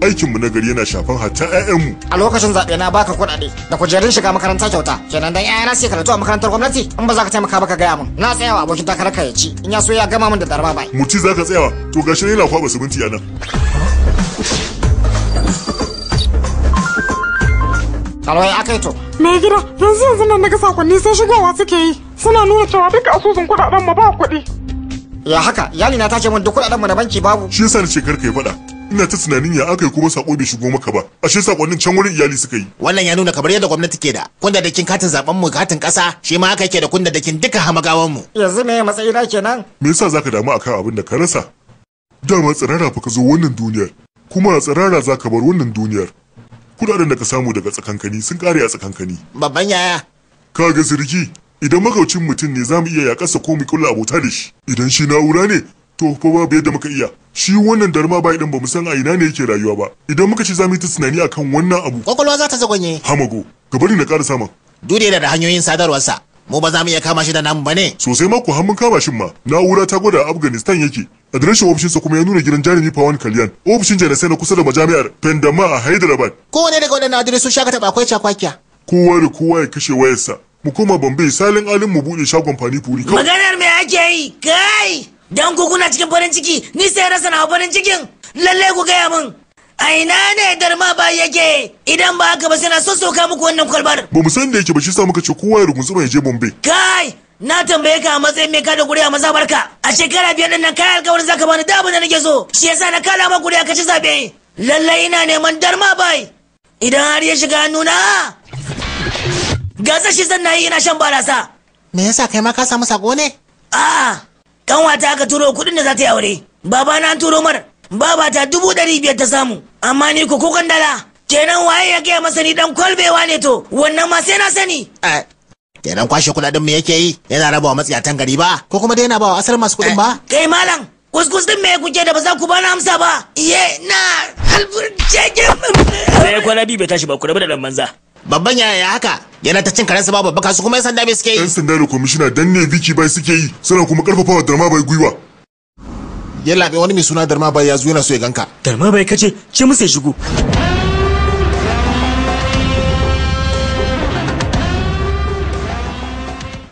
aikinmu na gari yana shafan hatta mu A lokacin zaɓe na baka kuɗaɗe da kujerun shiga makaranta kyauta. Kenan dan ƴaƴana sai karatu a makarantar gwamnati in ba za ka taimaka ba ka gaya min. Na tsayawa abokin takarar ka ya ci in ya so ya gama min da darma bai. Muti za ka tsayawa to gashi ne yana kwaɓa siminti a nan. Alwai aka yi to. Mai gida yanzu yanzu nan na ga sakonni sai shigowa suke yi. Suna nuna cewa duka asusun kuɗaɗen mu ba kuɗi. Ya haka yali ta ce min duk kuɗaɗen mu na banki babu. Shi yasa ni ce karka yi faɗa. ina ta tunanin ya aka yi kuma sako bai shigo maka ba ashe sakonnin can wurin iyali suka yi wannan ya nuna kamar yadda gwamnati ke da kunda dakin katin zaben mu katin kasa shi ma aka yake da kunda dakin duka hamagawan mu yanzu me matsayi na kenan me yasa zaka damu akan abin da ka rasa dama tsirara fa ka zo wannan duniyar kuma a tsirara zaka bar wannan duniyar kudaden da ka samu daga tsakankani sun kare a tsakankani babban yaya Ka ga sirki idan magaucin mutum ne za mu iya yaƙasa ko mu kulla abota da shi idan shi na'ura ne to fa babu yadda muka iya shi wannan darma bai din ba mu san a ina ne yake rayuwa ba idan muka ci zamu yi ta tunani akan wannan abu kwakwalwa za ta zagwanye hamago ga bari na ƙara samun dure da hanyoyin sadarwarsa mu ba za mu iya kama shi da namu ba ne sosai ma ku mun kama shin ma na'ura ta gwada afghanistan yake adireshin sa kuma ya nuna gidan jarumi pawan kalyan ofishin sai na kusa da majami'ar pendama a hyderabad kowane daga waɗannan adireshin shaka taɓa akwai cakwakiya kowa da kowa ya kashe wayarsa mu koma bombay salin alin mu buɗe shagon fani furi maganar me ake yi kai dan ku kuna cikin farin ciki ni sai rasa na farin cikin lalle ku gaya min a ina ne darma ba yake idan ba haka ba suna so soka muku wannan kwalbar ba mu san da yake ba shi sa muka ce kowa ya rugunzuma ya je Bombay kai na tambaye ka a matsayin mai kada a maza barka a shekara biyar din nan kai alƙawarin zaka bani da abin da nake so shi yasa na kala ma kuri'a ka ci zabe lalle ina neman darma bai idan har ya shiga hannuna Gaza shi zan na yi ina shan barasa me yasa kai ma ka samu sako ne a'a kanwata aka turo kuɗin da za ta yi aure baba na turo mar baba ta dubu ɗari biyar ta samu amma ni ku kukan dala kenan waye ya gaya masa ni dan kwalbewa ne to wannan ma sai na sani eh, kenan kwashe kudaden mu yake yi yana rabawa matsiyatan gari ba ko kuma dai yana bawa asar masu kuɗin ba eh, kai malam kuskus din me kuke da ba za ku ba na amsa ba ye na halbur jege sai kwalabi bai tashi ba ku rabu da dan banza babban yaya ya haka yana ta cin karensa ba babba kasu kuma yan sanda bai suke yi yan sanda da kwamishina dan ne biki bai suke yi suna kuma karfafa wa darma bai gwiwa Ya labe wani mai suna darma bai ya zo yana so ya ganka darma bai kace ce musu ya shigo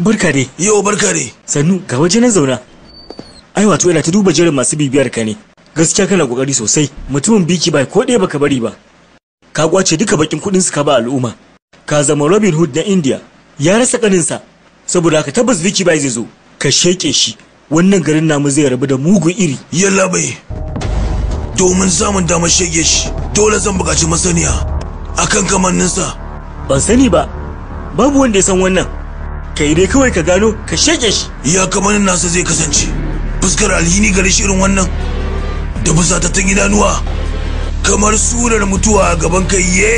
barka dai yo barka dai sannu ga waje na zauna ai wato ina ta duba jerin masu bibiyar ka ne gaskiya kana kokari sosai mutumin biki bai ko ɗaya baka bari ba ka kwace duka bakin kuɗin su ka ba al'umma ka zama robin hood na india ya rasa kaninsa saboda ka tabbas vicky bai zai zo ka sheke shi wannan garin namu zai rabu da mugun iri yalla bai domin samun damar shege shi dole zan buƙaci masaniya akan kamanninsa ban sani ba babu wanda ya san wannan kai dai kawai ka gano ka sheke shi ya kamannin nasa zai kasance fuskar alhini gare shi irin wannan da tun idanuwa kamar surar mutuwa a gaban kai ye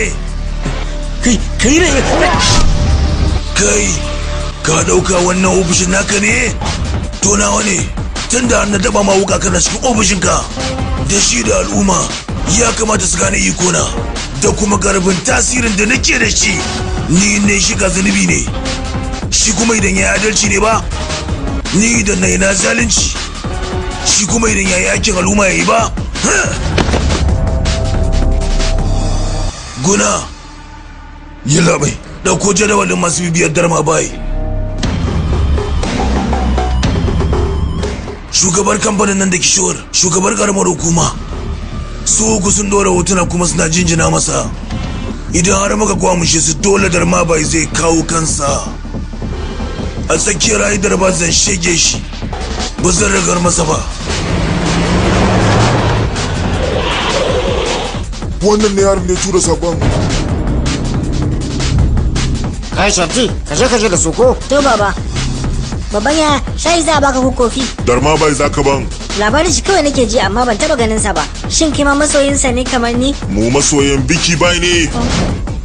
kai kai ne kai ka dauka wannan ofishin naka ne to nawa ne tun da na daba ma wuka kana cikin ofishin ka da shi da al'umma ya kamata su gane na. da kuma garbin tasirin da nake da shi ni ne shiga zunubi ne shi kuma idan ya adalci ne ba ni idan na na zalunci shi kuma idan ya yi aikin al'umma ya yi ba guna yi labai dauko jadawalin masu bibiyar darma bayi shugabar kamfanin nan da kishowar shugabar karamar hukuma su uku sun dora hotuna kuma suna jinjina masa idan har muka kwamushe su dole darma bai zai kawo kansa a tsakiyar haidar ba zan shege shi ba zan ragar masa ba wannan ne harin da ya tura sakon ai shanti ka je ka je da su ko to baba baban ya shayi za a baka ko kofi ma bai za ka ban labarin shi kawai nake ji amma ban taba ganin sa ba shin kima masoyinsa ne kamar ni mu masoyin biki bai ne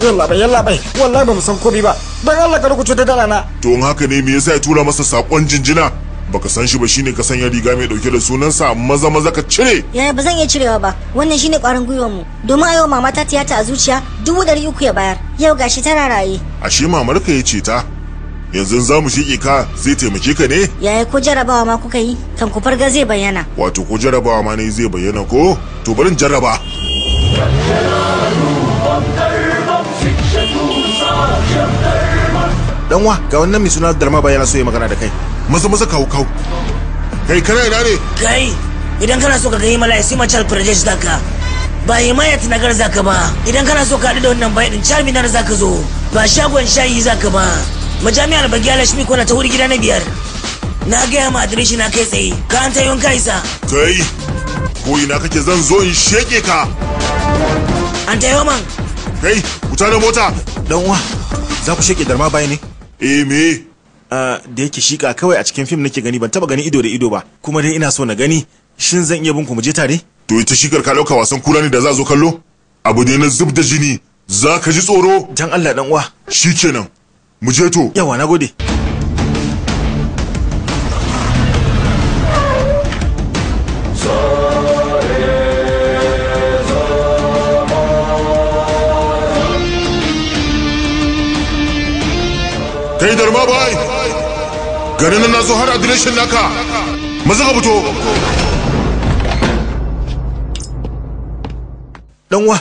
yalla bai yalla bai wallahi ba mu san komai ba dan Allah ka rubuta da dalana. na to haka ne me yasa ya tura masa sakon jinjina baka san shi ba shine ka sanya riga mai dauke da sunansa maza maza ka cire yaya ba zan iya cirewa ba wannan shine kwarin gwiwar mu domin a yau mama ta tiyata a zuciya dubu dari uku ya bayar yau gashi tana raye ashe mamar ka ya ce ta yanzu za mu shiƙe ka zai taimake ka ne yaya ko jarabawa ma kuka yi kan ku farga zai bayyana wato ko jarabawa ma ne zai bayyana ko to barin jaraba danwa ga wannan mai suna darma ba yana so ya magana da kai maza maza kawo kawo kai kana ina ne kai idan kana so ka ga himala sai macal project zaka ba himayat nagar zaka ba idan kana so ka haɗu da wannan bai din charminar zaka zo ba shagon shayi zaka ba majami'ar bagiya lashmi kona ta wuri gida na biyar na gaya ma adireshi na kai tsaye ka an tayon ka isa kai ko ina kake zan zo in sheke ka an tayo man kai wuta da mota dan uwa za ku sheke darma bai ne eh me Ah, da yake shika kawai a cikin fim nake gani ban taba gani ido da ido ba kuma dai ina so na gani shin zan iya bin ku mu je tare to ita shikar ka dauka wasan kura ne da za zo kallo abu ne na zub da jini za ka ji tsoro dan Allah dan uwa shikenan mu je to yawa nagode kai bai garin na zo har adireshin naka maza ka fito danwa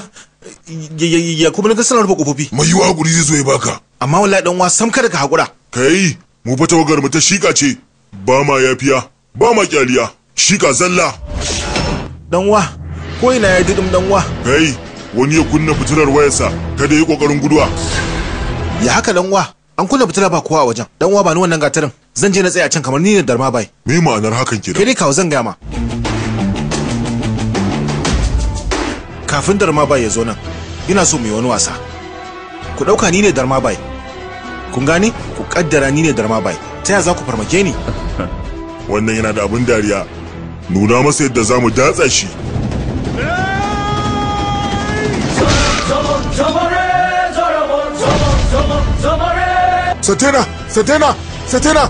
ya kuma na sanar ba kofofi mai yiwa guri zai zo ya baka amma wallahi danwa sam ka ka hakura kai mu fa tawagar mu ta shika ce ba ma yafiya ba ma kyaliya shika zalla danwa ko ina ya didim danwa kai wani ya kunna fitilar wayarsa kada yi kokarin guduwa ya haka danwa an kunna fitila ba kowa a wajen danwa ba ni wannan gatarin zan je na tsaya can kamar ni ne darma bai me ma'anar hakan kenan kai kawo zan gama kafin darma bai ya zo nan ina so mu yi wani wasa ku dauka ni ne darma bai kun gane ku kaddara ni ne darma bai ta za ku farmake ni [LAUGHS] wannan yana da abin dariya nuna masa yadda za mu datsa shi Satena! Satena! Satena!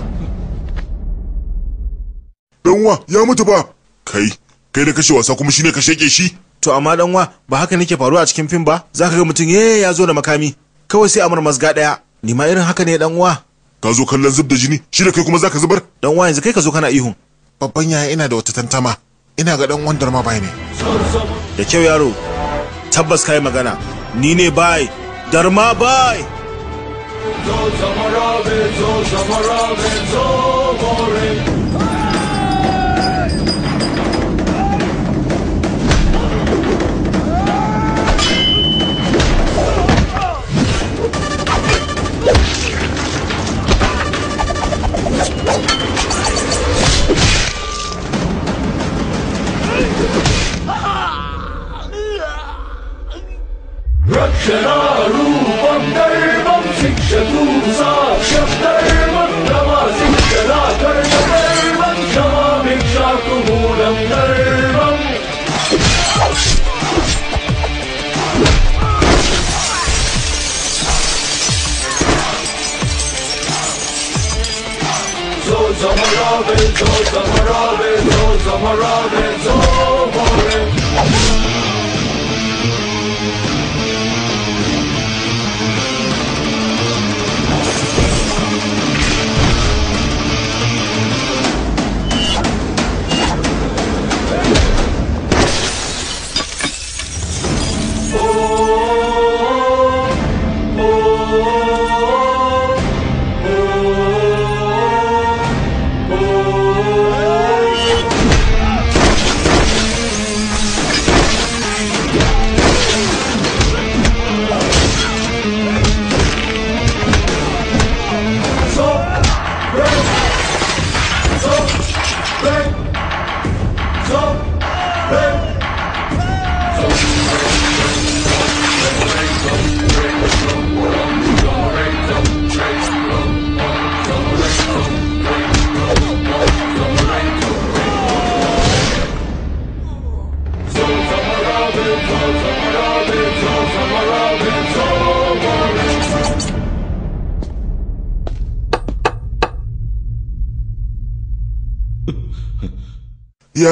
danwa ya mutu ba kai kai da kashe wasa kuma shine ka sheke shi to amma danwa ba haka nake faruwa a cikin fim ba zaka ga mutum eh ya zo da makami kawai sai amar masga daya ni ma irin haka ne danwa ka zo kallon zub da jini shi da kai kuma zaka zubar danwa yanzu kai ka zo kana ihun babban yaya ina da wata tantama ina ga dan wandar ma bai ne da kyau yaro tabbas kai magana ni ne bai darma bai zo zo zo more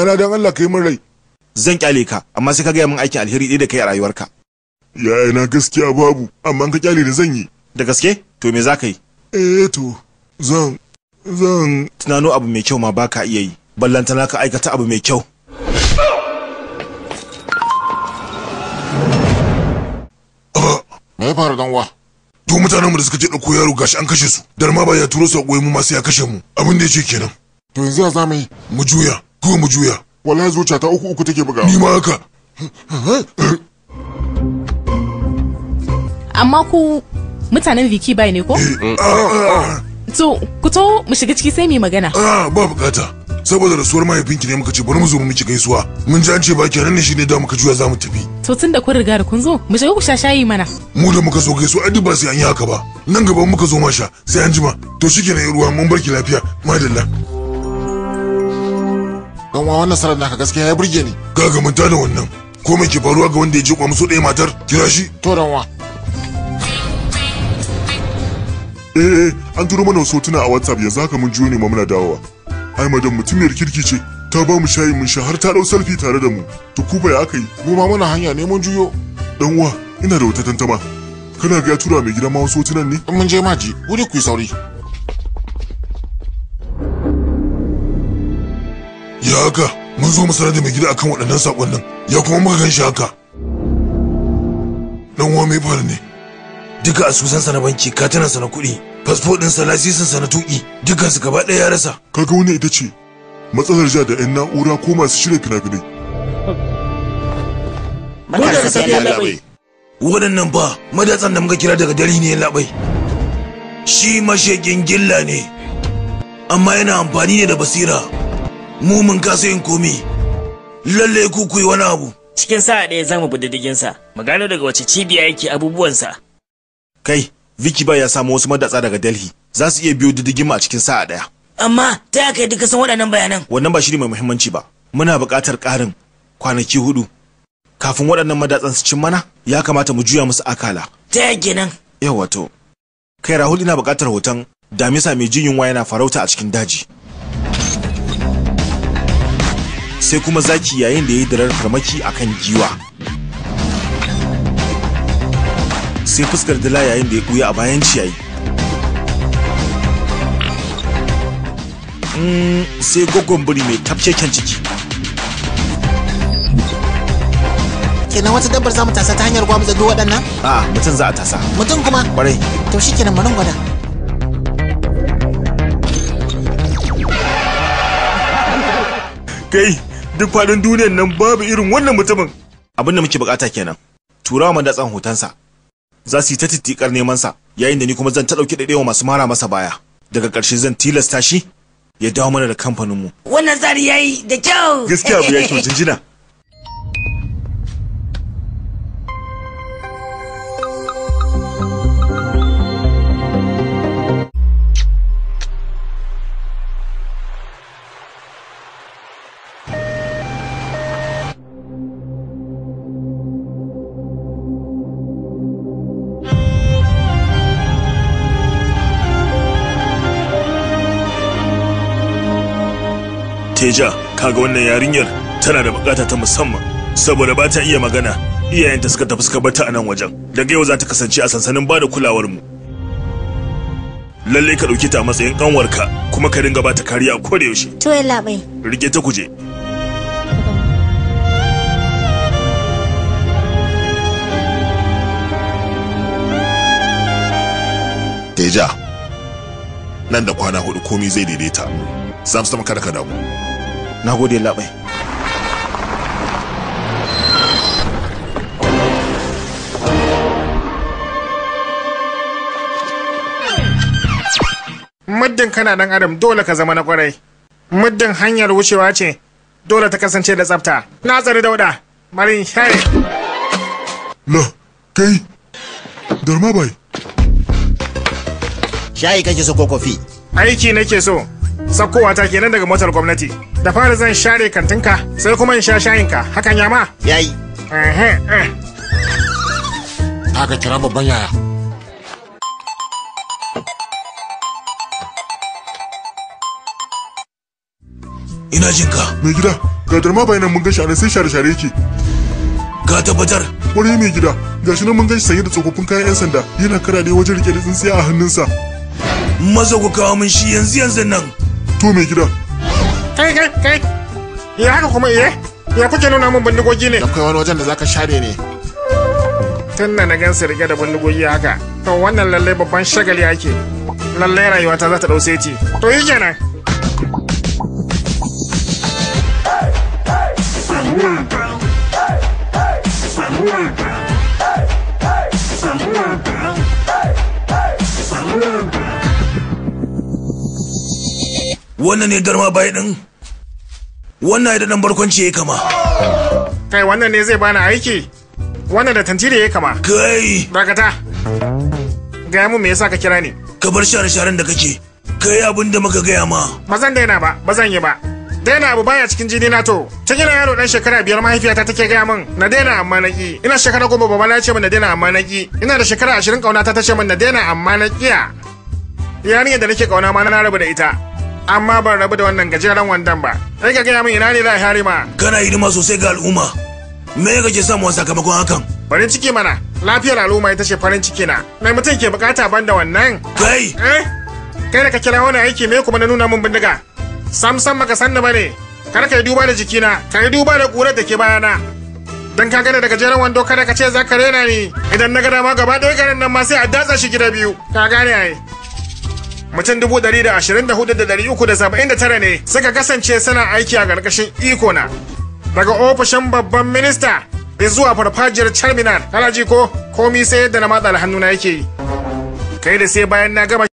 yayana dan Allah ka yi min rai zan kyale ka amma sai ka gaya min aikin alheri ɗaya da kai a rayuwarka yayana gaskiya babu amma ka kyale da zan yi da gaske to me za ka yi eh to zan zan tunano abu mai kyau ma baka iya yi ballantana ka aikata abu mai kyau me ya faru dan wa to mutanen mu da suka je ɗauko yaro gashi an kashe su dar ma ba ya turo su a mu ma sai ya kashe mu abin da yake kenan to yanzu ya zamu yi mu juya ko mu juya wallahi zuciya ta uku uku take bugawa ni ma haka amma ku mutanen viki bai ne ko to eh, mm. ah, ah, ah. ku to mu shiga ciki sai mu magana ah ba bukata saboda rasuwar mahaifinki ne muka ce bari mu zo mu miki gaisuwa mun ji an ce baki nan ne da muka juya za mu tafi to tunda kun riga da kun zo mu shiga ku sha shayi mana mu da muka so gaisuwa duk ba sai an yi haka ba nan gaban muka zo ma sha sai an jima to shikenan ruwa mun barki lafiya madalla don wa wannan sarar naka gaskiya ya burge ni gaga mun tada wannan mai ke faruwa ga wanda ya ji kwamso ɗaya matar kira shi to dan wa eh, eh an turo mana wasu a whatsapp yanzu haka mun juyo ne ma muna dawowa ai madam mutumiyar kirki ce ta ba mu shayi mun sha har ta dau selfie tare da mu to ya aka yi mu ma muna hanya ne mun juyo dan uwa ina da wata tantama kana ga ya tura mai gidan ma wasu hotunan ne mun je maji wuri ku yi sauri ya haka mun zo mu sanar da mai gida akan waɗannan saƙonnin. ya kuma muka gan shi haka dan uwa mai fara ne duka sa na banki sa na kuɗi fasfo ɗinsa sa na tuƙi su gaba ɗaya ya rasa kaga wani ita ce matsalar ja da 'yan na'ura ko masu shirya fina-finai matasa sai ya labai waɗannan ba madatsan da muka kira daga dare ne ya labai shi mashe gilla ne amma yana amfani ne da basira mu mun kasa yin komi lalle ku ku wani abu cikin sa'a ɗaya zamu mu bi diddiginsa mu gano daga wace cibiya yake abubuwansa kai Vicky ba ya samu wasu madatsa daga Delhi za su iya biyo diddigin mu a cikin sa'a ɗaya amma ta kai duka san waɗannan bayanan wannan ba shi ne mai muhimmanci ba muna buƙatar ƙarin kwanaki hudu kafin waɗannan madatsan su cin mana ya kamata mu juya musu akala ta ya nan yawa to kai Rahul ina buƙatar hoton damisa mai jin yunwa yana farauta a cikin daji sai kuma zaki yayin da ya yi darar farmaki akan giwa sai fuskar dila yayin da ya ɓuya a bayan ciyayi mm, sai gogon biri mai tafkeken ciki kenan wata dabbar za mu tasa ta hanyar gwamnati duk waɗannan? a mutum za a tasa mutum kuma? ƙwarai to shi kenan marin gwada kai duk faɗin duniyan nan babu irin wannan mutumin abin da muke bukata kenan turawa man datsan hotonsa za su yi ta tittikar neman sa yayin da ni kuma zan ta dauki daidaiwa masu mara masa baya daga ƙarshe zan tilasta shi ya dawo mana da kamfaninmu wannan tsari yayi da kyau gaskiya abu ya kyau [LAUGHS] jinjina ja kaga wannan yarinyar tana da bukata ta musamman saboda ba ta iya magana iyayenta suka tafi suka bata a nan wajen daga yau za ta kasance a sansanin bada kulawar mu lallai ka ɗauki ta a matsayin kanwarka kuma ka dinga bata kariya ko da yaushe to yalla labai rike ta kuje Teja, nan da kwana hudu komi zai daidaita. Samsam kada ka damu. na gode labai muddin kana dan adam dole ka zama na kwarai muddin hanyar wucewa ce dole ta kasance da tsafta na tsari dauda marin share lo kai darma bai shayi kake so ko kofi aiki nake so sakowa ta kenan daga motar gwamnati da fara zan share kantinka sai kuma in sha shayinka hakan ya ma yayi eh. aka kira babban yaya ina jin ka mai gida ga darma nan mun gashi a sai share-share yake ka tabbatar wani mai gida ga shi nan mun shi sanye da tsofaffin kayan 'yan sanda yana kara ne wajen rike da tsintsiya a hannunsa maza ku kawo min shi yanzu yanzu nan to mai gida kai kai kai ya haka kuma iye eh? ya kuke nuna min bindigogi ne akwai wani wajen da zaka share ne tun na gan su rike da bindigogi haka to wannan lallai babban shagali ake lallai rayuwata za ta dau seti to yi kenan hey wannan ne darma bai din wannan idan dan barkwanci yayi kama kai wannan ne zai bani aiki wannan da tantire yayi kama kai dakata gaya mu me yasa ka kira ni ka bar share-sharen da kake kai abin da muka gaya ma ba zan daina ba ba zan yi ba daina abu baya cikin jini na to tun ina yaro dan shekara biyar mahaifiyata take gaya min na daina amma na ki ina shekara goma baba na ce min na daina amma na ki ina da shekara ashirin kauna ta ce min na daina amma na kiya yarinyar da nake kauna ma na rabu da ita amma ban rabu da wannan gajeren wandon ba sai ka gaya min ina ne za a hari ma kana hidima sosai ga al'umma me kake samu sakamakon hakan farin ciki mana lafiyar al'umma ita ce farin ciki na mai mutum ke bukata ban da wannan kai eh? kai da ka kira wani aiki me kuma na nuna min bindiga sam sam baka san ni bane kar ka yi duba da jikina ka yi duba da ƙurar da ke bayana don ka gane daga jeren wando kada ka ce za ka rena ni idan na gada ma gaba ɗaya garin nan ma sai a datsa shi gida biyu ka gane ai mutum dubu ɗari da ashirin da hudu da ɗari uku da saba'in da tara ne suka kasance suna aiki a ƙarƙashin iko na daga ofishin babban minista zuwa farfajiyar charminar ji ko komi sai yadda na matsa na yake yi kai da sai bayan na gama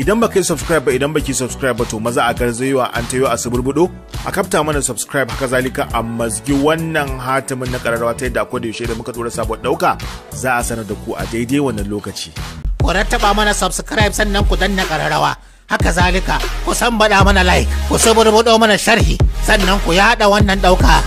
idan baka yi subscribe ba idan baki subscribe ba to maza a garzayewa an tayo a suburbudo a kafta mana subscribe haka zalika a mazgi wannan hatimin na kararrawa ta yadda akwai da yaushe da muka dora sabon dauka za a sanar da ku a daidai wannan lokaci ku rattaba mana subscribe sannan ku danna kararrawa haka zalika ku san baɗa mana like ku suburbuɗo mana sharhi sannan ku yada wannan ɗauka.